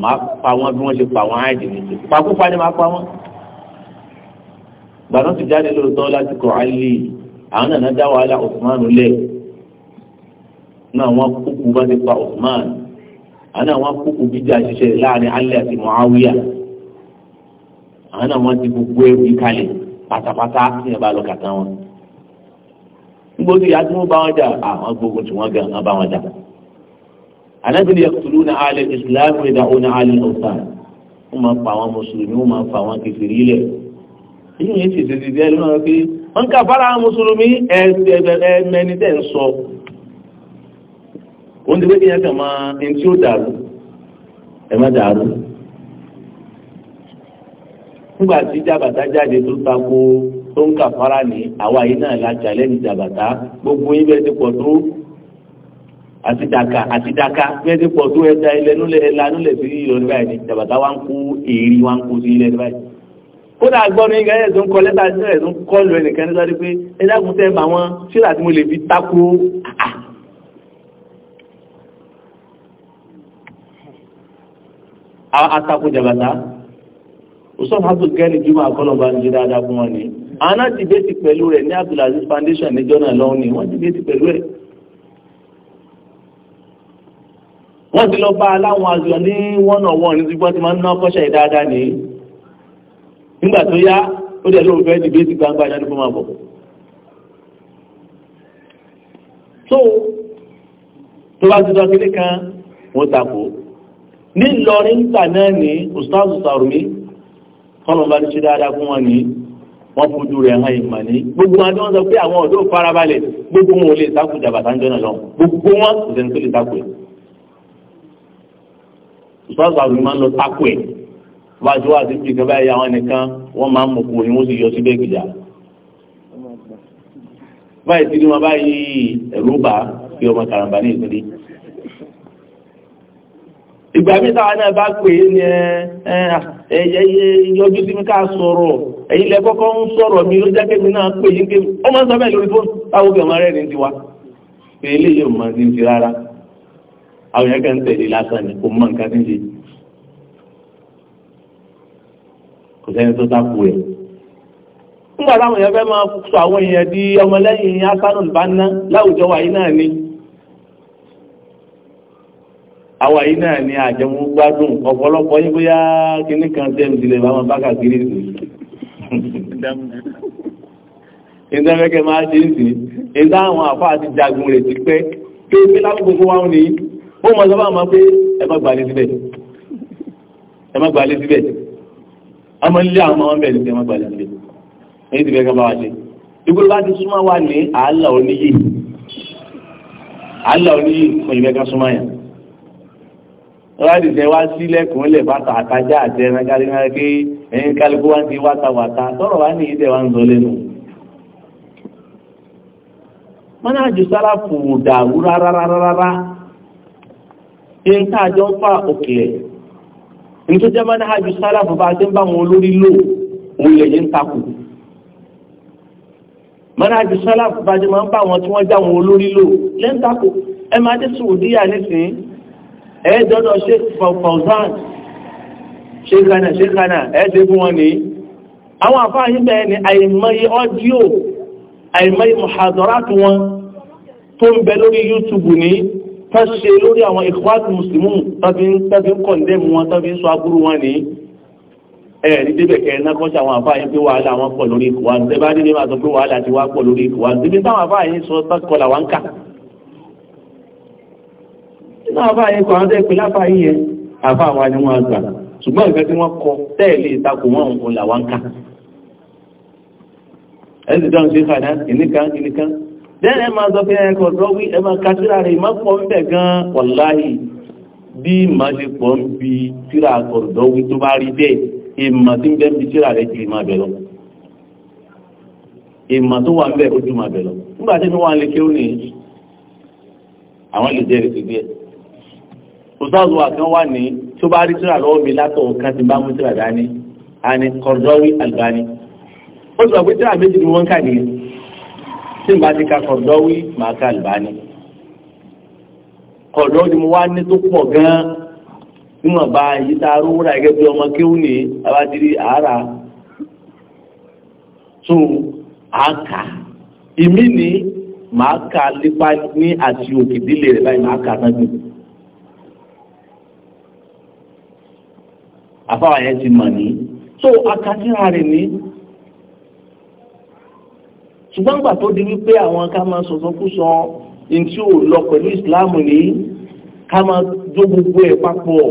máa pa wọn bí wọ́n ṣe pa wọn àìdì nìyí pakúpa ni máa pa wọn. gbàdá ti jáde lóòótọ́ láti kọ́ àlè àwọn nàná dá wàhálà Usman lẹ̀ náà wọ́n kúkú bá ti pa Usman àwọn náà wọ́n kúkú bí jà ṣiṣẹ́ láàrin Àlì àti Muawiya àwọn náà wọ́n ti gbogbo ẹrù yìí kalẹ̀ pátápátá tí ẹ bá lọ kàtà wọn. nígbà tí ìyá tí wọ́n bá wọn jà àwọn gbogbo tí wọ́n gan an bá wọn jà. anábìlì ẹ̀kútùlù ní alẹ́ islam rẹ̀ dà ó ní alẹ́ ọ̀sà wọ́n máa fa àwọn mùsùlùmí wọ́n máa fa àwọn kẹfìrí lẹ̀. inú yẹn ti ṣe ti dẹ́ lọ́wọ́ pé wọ́n kà fara àwọn mùsùlùmí ẹ̀ẹ́dẹ̀ẹ́mẹ́ni tẹ̀ ń sọ. wọ́n ti gbé kí nígbà tí jàbàtà jáde tó tako tó ń kà fara ní àwa yìí náà la challenge jàbàtà gbogbo yín bẹ́ẹ̀ ti pọ̀ tó àtidaka àtidaka bẹ́ẹ̀ ti pọ̀ tó ẹ̀ta ẹlẹ́nu ẹ̀lanu lẹ̀ sí ìlọrin báyìí ni jàbàtà wa ń kó èrí wa ń kó sí ilẹ̀ báyìí kódà gbọ́nà ìgbà ẹ̀ tó ń kọ lẹ́tà sí ẹ̀ tó ń ẹnìkan ní sáré pé ẹ dákun tẹ́ bá wọn sílà tí mo lè fi tako àtakò ah, ah. jàbàtà usman abdul kẹ́ni jùmọ̀ àkọlọ́ba ń jí dáadáa fún wọn ni àná dìbẹ́tì pẹ̀lú rẹ̀ ní abdulaziz foundation níjọ́ náà lọ́wọ́ ni wọ́n dìbẹ́tì pẹ̀lú ẹ̀. wọ́n ti lọ bá aláwọn azọ ní one on one níbi wọ́n ti máa ń ná kọ́ṣẹ́ dáadáa nìyí nígbà tó yá ó dẹ̀ lóun fẹ́ dìbẹ́tì gbangba ìdáni fún máa bọ̀. tó tó bá ti dọ́ kíní kan wọ́n takò ní Ìlọrin gbà náà ní ustaz Sarumi kọ́nà bá ti ṣe dáadáa fún wọn ní wọ́n fojú rẹ̀ hàn ìmọ̀ ní gbogbo wọn tí wọ́n sọ pé àwọn ọ̀dọ́ farabalẹ̀ gbogbo wọn ò lè sáku jàbàtà ń jọ́nà lọ gbogbo wọn kò sẹ́ni tó lè sáku ẹ̀. ìfọ́sọ̀ àwọn ìmọ̀ ń lọ sáku ẹ̀ wọ́n ti wá sí ibi kan báyìí àwọn nìkan wọ́n máa ń mú kúrò ní sì yọ sí bẹ́ẹ̀ báyìí ti ní wọn báyìí ẹ̀rú bá fi ọmọ karambà ní ìpínlẹ̀ ìgbà mí táwọn náà bá pè é ní ẹyẹ yọjú sí mi ká sọ̀rọ̀ ẹ̀yin lẹ kọ́kọ́ ń sọ̀rọ̀ mi ló jẹ́ kémi náà pè yín kémi ó máa ń lórí fóònù táwọn rẹ̀ ní tiwa pé eléyìí ò máa ti rárá àwọn yẹn kàn tẹ̀lé lásán ni kò mọ nǹkan níbi kò sẹ́ni tó dákú ẹ̀. nígbà táwọn yẹn fẹ́ máa sọ àwọn èèyàn di ọmọlẹ́yìn asánù ìbáná láwùjọ wàyí náà ni àwa yìí náà ni àjẹmú gbádùn ọ̀pọ̀lọpọ̀ yín bóyá kíní kan tẹ́ mi tilẹ̀ báwọn bá kàkiri ìlú. ìdáfẹ́kẹ́ máa ṣe ń sìn ìdá àwọn àfa àti jagun rẹ̀ ti pẹ́ pé pé lágbogbo wa ni ó mọ̀ sábà máa pé ẹ má gbalẹ̀ síbẹ̀ ẹ má gbalẹ̀ síbẹ̀ ọmọ ilé àwọn ọmọ bẹ̀rẹ̀ sí ẹ má gbalẹ̀ síbẹ̀ ọlọ́dì tẹ wá sílẹ̀kùn lè bá àtàjá àti ẹran káríkárí pé ẹ̀yìn kálukú wá ti wátawàta tọ́rọ̀ wá ní ìdẹ̀ wá ń sọ lẹ́nu. mọ́nà àjò sálàfù dàrú rárárárá ṣe ń fà òkèlè ní tó jẹ́ mọ́nà ń bá wọn olórí lò bá wọn tí wọ́n já wọn ẹ̀ẹ́dọ́dọ̀ ṣe fọ̀fọ̀zán ṣe kánà ṣe kánà ẹ̀ẹ́dẹ́ fún wọn ní àwọn àfáàyí bẹ́ẹ̀ ni àìmọye ọ́díò àìmọye mọ̀hàdọ́rátù wọn tó ń bẹ lórí YouTube ní tọ́ṣe lórí àwọn ìkwáàtù mùsùlùmù tọ́bí ń kọ̀ndẹ́mù wọn tọ́bí ń sọ agbúrú wọn ní ẹ̀rẹ̀ ní débẹ̀ kẹrin náà kọ́ṣe àwọn àfáàyí pé wàhálà wọn pọ̀ lórí ìkwáàtù náà bá yẹ kọ̀ àwọn ẹ̀pẹ̀ láfà yìí yẹn wa ni wọ́n gbà ṣùgbọ́n nǹkan tí wọ́n kọ tẹ́ẹ̀lì ìtakò wọn òun làwọn kà ẹ̀sì dáhùn sí fàdá ìníkan ìníkan lẹ́yìn máa sọ pé ẹ̀kọ́ rọ́wí ẹ máa rẹ̀ má pọ̀ ń bẹ̀ gan wàláhì bí màá ṣe pọ̀ ń bi síra àkọ̀rọ̀dọ́wí tó bá rí bẹ́ẹ̀ ìmọ̀ tí ń bẹ́ ń bi síra rẹ̀ kiri máa bẹ̀ lọ ìmọ̀ tó òtọ́ọ̀dù wa kan wà ní tó bá rí tíra lọ́wọ́ mi látọ̀ kan ti bá mú tíra dání àní kọ̀dọ́wí àlùbáni ó ti wà pé tíra méjì ni wọ́n kà ní tí n bá ti ka kọ̀dọ́wí màá ka àlùbáni kọ̀dọ́ ni mo wá ní tó pọ̀ gan-an níwọ̀n bá yí tá a gẹ́gẹ́ bí ọmọ kéwù ní abájírí àárà tó a ìmí ni màá ka lípa ní àti òkè ìdílé rẹ̀ báyìí màá kà náà àfáwà yẹn ti mọ̀ ní so akásíra rẹ̀ ní ṣùgbọ́n gbà tó di wípé àwọn ká máa sọ̀sọ́kúsọ in tí ò lọ pẹ̀lú ìsìláàmù ní ká máa jó gbogbo ẹ̀ papọ̀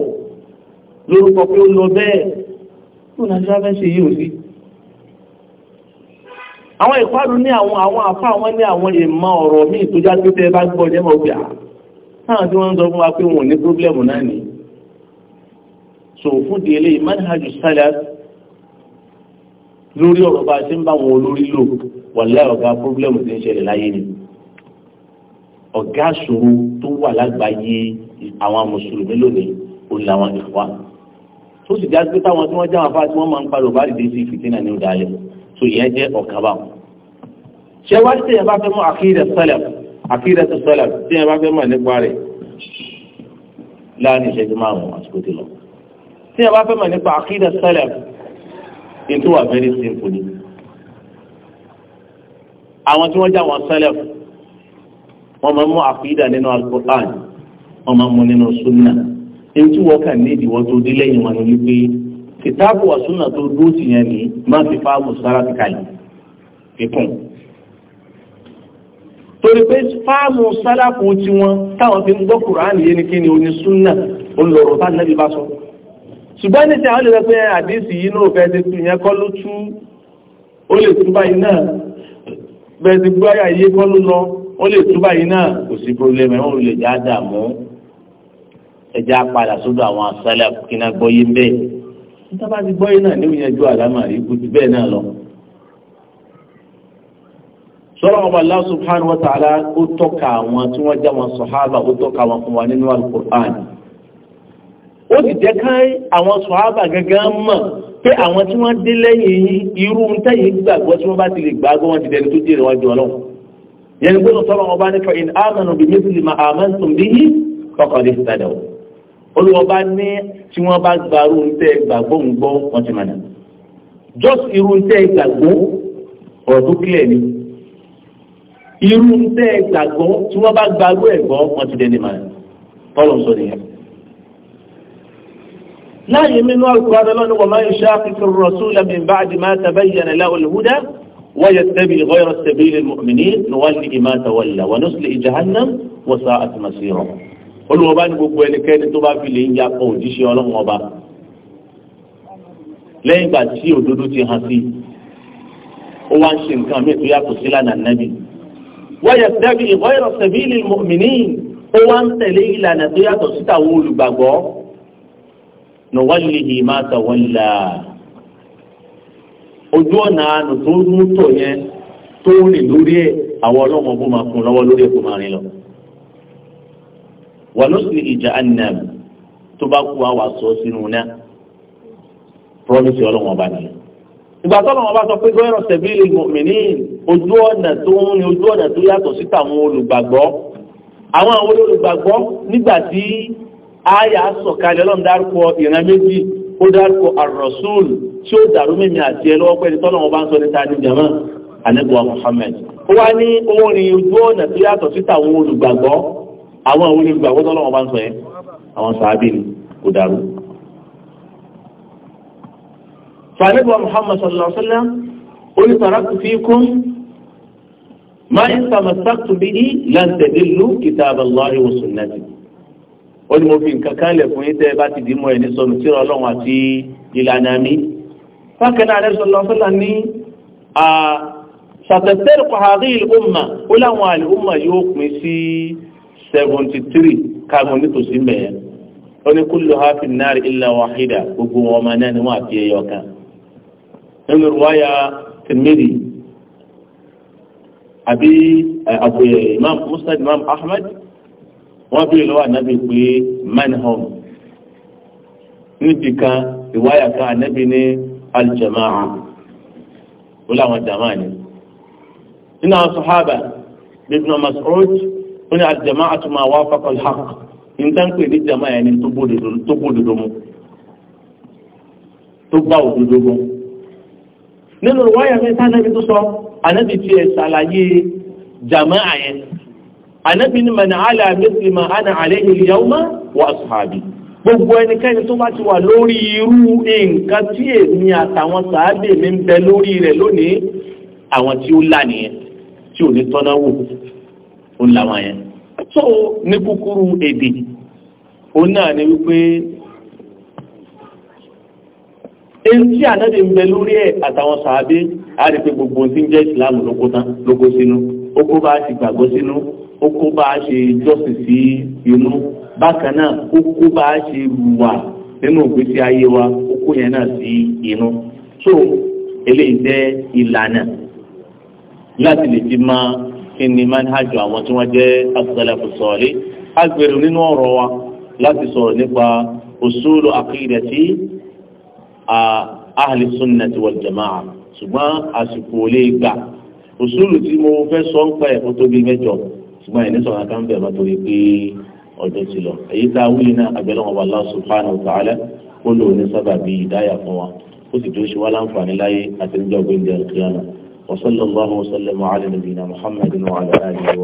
lórúkọ pé ó lọ bẹ́ẹ̀ tó náà ṣáfẹ́ ṣe yìí ò sí àwọn ìpàdù ní àwọn àwọn àfá àwọn ní àwọn ìmọ̀ ọ̀rọ̀ míì tó já pé tẹ́ bá gbọ́ jẹ́mọ̀ gbà ah, táwọn tí wọ́n ń sọ fún wa pé wọn ò ní pírọ́blẹ̀mù náà nìyí so fún délé manhaj salaf lórí ọ̀rọ̀ bá a ṣe ń bá wọn olórí lò wàlẹ́ ọ̀gá pọ́blẹ́mù ti ń ṣẹlẹ̀ láyé ni ọ̀gá àṣòro tó wà lágbàáyé àwọn mùsùlùmí lónìí ó làwọn ìfọwà tó sì dájú pé táwọn tí wọ́n jáwọn afá tí wọ́n máa ń parọ́ bá dìde sí fìtínà ní ìdálẹ́ tó ìyẹn jẹ́ ọ̀kan bá wọn. ṣé wá sí ẹ bá fẹ́ mú àkídà sálàf àkídà sálàf tí ẹ bá fẹ́ mọ̀ nípa rẹ̀ láàrin ìṣẹ́jú márùn-ún àsìkò tí lọ tí a bá fẹ́ mọ̀ nípa àkídà sẹ́lẹ̀ ètò wà very simple ni àwọn tí wọ́n já wọn sẹ́lẹ̀ wọ́n máa mú àkídà nínú alukur'an wọ́n máa mú nínú sunna èyí tí wọ́n kàn ní ìdíwọ́ tó dé lẹ́yìn wọn ni wípé kìtáàbù wà sunna tó dúró tì yẹn ni máa fi fáwọn mùsùlùmí ti kàlẹ̀ kíkùn torí pé fáàmù sálàkù tiwọn táwọn fi ń gbọ́ kùránì yé ni kí ni oní sunna ó lọ̀rọ̀ nàbí bá sọ ṣùgbọ́n ní ti àwọn olùsọ pé àdísì yìí náà bẹ́ẹ̀ ti tu ìyẹn kọ́ ló tú ó lè tú báyìí náà bẹ́ẹ̀ ti gbọ́ àyà yìí kọ́ ló lọ ó lè tú báyìí náà kò sí pọ́blẹ́mù ẹ̀wọ̀n olè já dààmú ẹja padà sódò àwọn asálẹ̀ kíná gbọ́yé bẹ́ẹ̀ níta bá ti gbọ́yé náà níwò yẹn àlámà rí kù bẹ́ẹ̀ náà lọ. sọ́rọ̀ ọba Allah subhanahu wa ta'ala ó tọ́ka àwọn tí wọ́n já wọn sàhábà al-Qur'an ó sì jẹ́ ká àwọn sọ̀hábà gangan mọ̀ pé àwọn tí wọ́n dé lẹ́yìn irú tẹ́yìn gbàgbọ́ tí wọ́n bá ti lè gbàgbọ́ wọn ti dẹni tó jèrè wájú ọlọ́run yẹn gbọ́dọ̀ sọ́lọ́ ọba ní fa in amanu bi mithli ma amantum bihi faqad ihtadaw olùwọ́ba ní tí wọ́n bá gbàrú tẹ́ gbàgbọ́ ń gbọ́ wọn ti mọ̀nà just irú tẹ́ gbàgbọ́ ọ̀dún kílẹ̀ ni irú tẹ́ gbàgbọ́ tí wọ́n bá gbàrú ẹ̀ gbọ́ wọn ti dẹni mọ̀nà láàyè nínú Al-Qur'an lọ́nà wa man yushaqiqi ar-rasula min ba'di ma tabayyana lahu al-huda wa yattabi' ghayra sabili al-mu'minin nuwallihi ma tawalla wa nuslihi jahannam wa sa'at masira olùwọ́ba ní gbogbo ẹnikẹ́ni tó bá fi lè ń yapa òjíṣẹ́ ọlọ́run ọba nùwọ́lìhì máa tọ̀wọ́lá ojú ọ̀nà àánú tó mú tọ̀ yẹn tó rìn lórí ẹ̀ àwọn ọlọ́mọ bó máa kún lọ́wọ́ lórí ẹ̀kọ́ máa rìn lọ. wà ló sì ìjà annam tó bá kú àwọn aṣọ sínú náà promise ọlọ́wọ́n bá nìyẹn. ìgbà tó lọ́wọ́ bá sọ pé gbọ́dọ̀ tẹ̀bí mọ̀mìnì ojú ọ̀nà tó ń rin ojú ọ̀nà tó yàtọ̀ síta àwọn olùgbàgbọ́ àwọn àwọn olùgbàgbọ́ nígbà tí áyà sọ̀kalẹ̀ ọlọ́run dárúkọ ìran méjì ó dárúkọ ar-rasul tí ó dàrú mímí àti ẹ lọ́wọ́ pẹ́ni tọ́lọ́run bá ń sọ níta ní jama anẹ́gbọ́ Muhammad ó wá ní orin ojú ọ̀nà tó yàtọ̀ síta àwọn olùgbàgbọ́ àwọn àwọn olùgbàgbọ́ tọ́lọ́run bá ń sọ yẹn àwọn sàábì ni kò dàrú. fàánẹ́gbọ́ Muhammad sallallahu alaihi wa sallam olùtàràkù fiikum ma in tamassaktum bihi lan tadillu kitaballahi wa sunnatihi ó ní mo fi nǹkan kan lẹ̀ fún yín tẹ́ ẹ bá ti dì mọ́ ẹ̀ ní sọnù tí ọlọ́run àti ìlànà mi. bákan náà àdẹ́sọ̀ lọ sọ́là ní ṣàtẹ̀tẹ̀rù pàhárí ìlúmà ó láwọn àlùmà yóò pín sí seventy three kágun nítòsí mẹ́ẹ̀. ó ní kúlù hafi náírà illa wahida gbogbo wọn ọmọ náà ni wọ́n àti ẹyọ kan. nínú ruwaya tìmídì àbí àbúyẹ imam musnad imam ahmed wọ́n bí lọ́wọ́ ànábì pé manhum níbi kan ìwáyà kan ànábì ní aljamaa ó láwọn jamaa ni nínú àwọn sọ́hábà ibn Mas'ud ó ní aljamaa tó máa wafaqa alhaq nǹkan pè ní jamaa yẹn ni tó bó dodo mu tó bá òdodo mu nínú ìwáyà mẹ́ta ànábì tó sọ ànábì tiẹ̀ ṣàlàyé jamaa yẹn ànábì ní mọ̀nà àlà mẹ́sì mà ánà àlẹ́ ìyàwó wà sàbí gbogbo ẹnikẹ́ni tó bá ti wà lórí irú nǹkan tí èmi àtàwọn sàábì mi ń bẹ lórí rẹ̀ lónìí àwọn tí ó là nìyẹn tí ò ní tọ́nà wò ó làwọn yẹn tó ní kúkúrú èdè ó náà ni wípé èyí ànábì ń bẹ lórí ẹ̀ àtàwọn sàábì á rí pé gbogbo ohun tí ń jẹ́ ìsìlámù lóko sínú ó kó bá ti gbàgbọ́ sínú ó kó bá a ṣe jọ́sìn sí inú bákan náà ó kó bá a ṣe wà nínú ìgbésí ayé wa ó kó yẹn náà sí inú so eléyìí jẹ́ ìlànà láti lè fi máa kí ni manhajù àwọn tí wọ́n jẹ́ as-salafu agbèrò nínú ọ̀rọ̀ wa láti sọ̀rọ̀ nípa usulu aqidati ahli sunnati wal jama'a ṣùgbọ́n àsìkò lè gbà usulu tí mo fẹ́ sọ ń pẹ́ kó tóbi mẹ́jọ ṣùgbọ́n ẹni sọ̀rọ̀ kan bẹ̀rẹ̀ lọ́tọ́rí pé ọjọ́ ti lọ èyí tá a wúlò náà àgbẹ̀lẹ̀ wọn Allah subhanahu wa ta'ala kó lò ní sábàbí ìdáyà fún wa ó sì tó ṣe wá láǹfààní láyé àti níjọ́ gbẹ̀ndé àlùkìyàmà wa sallallahu wa sallama ala nabiyyina Muhammadin wa ala alihi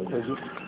wa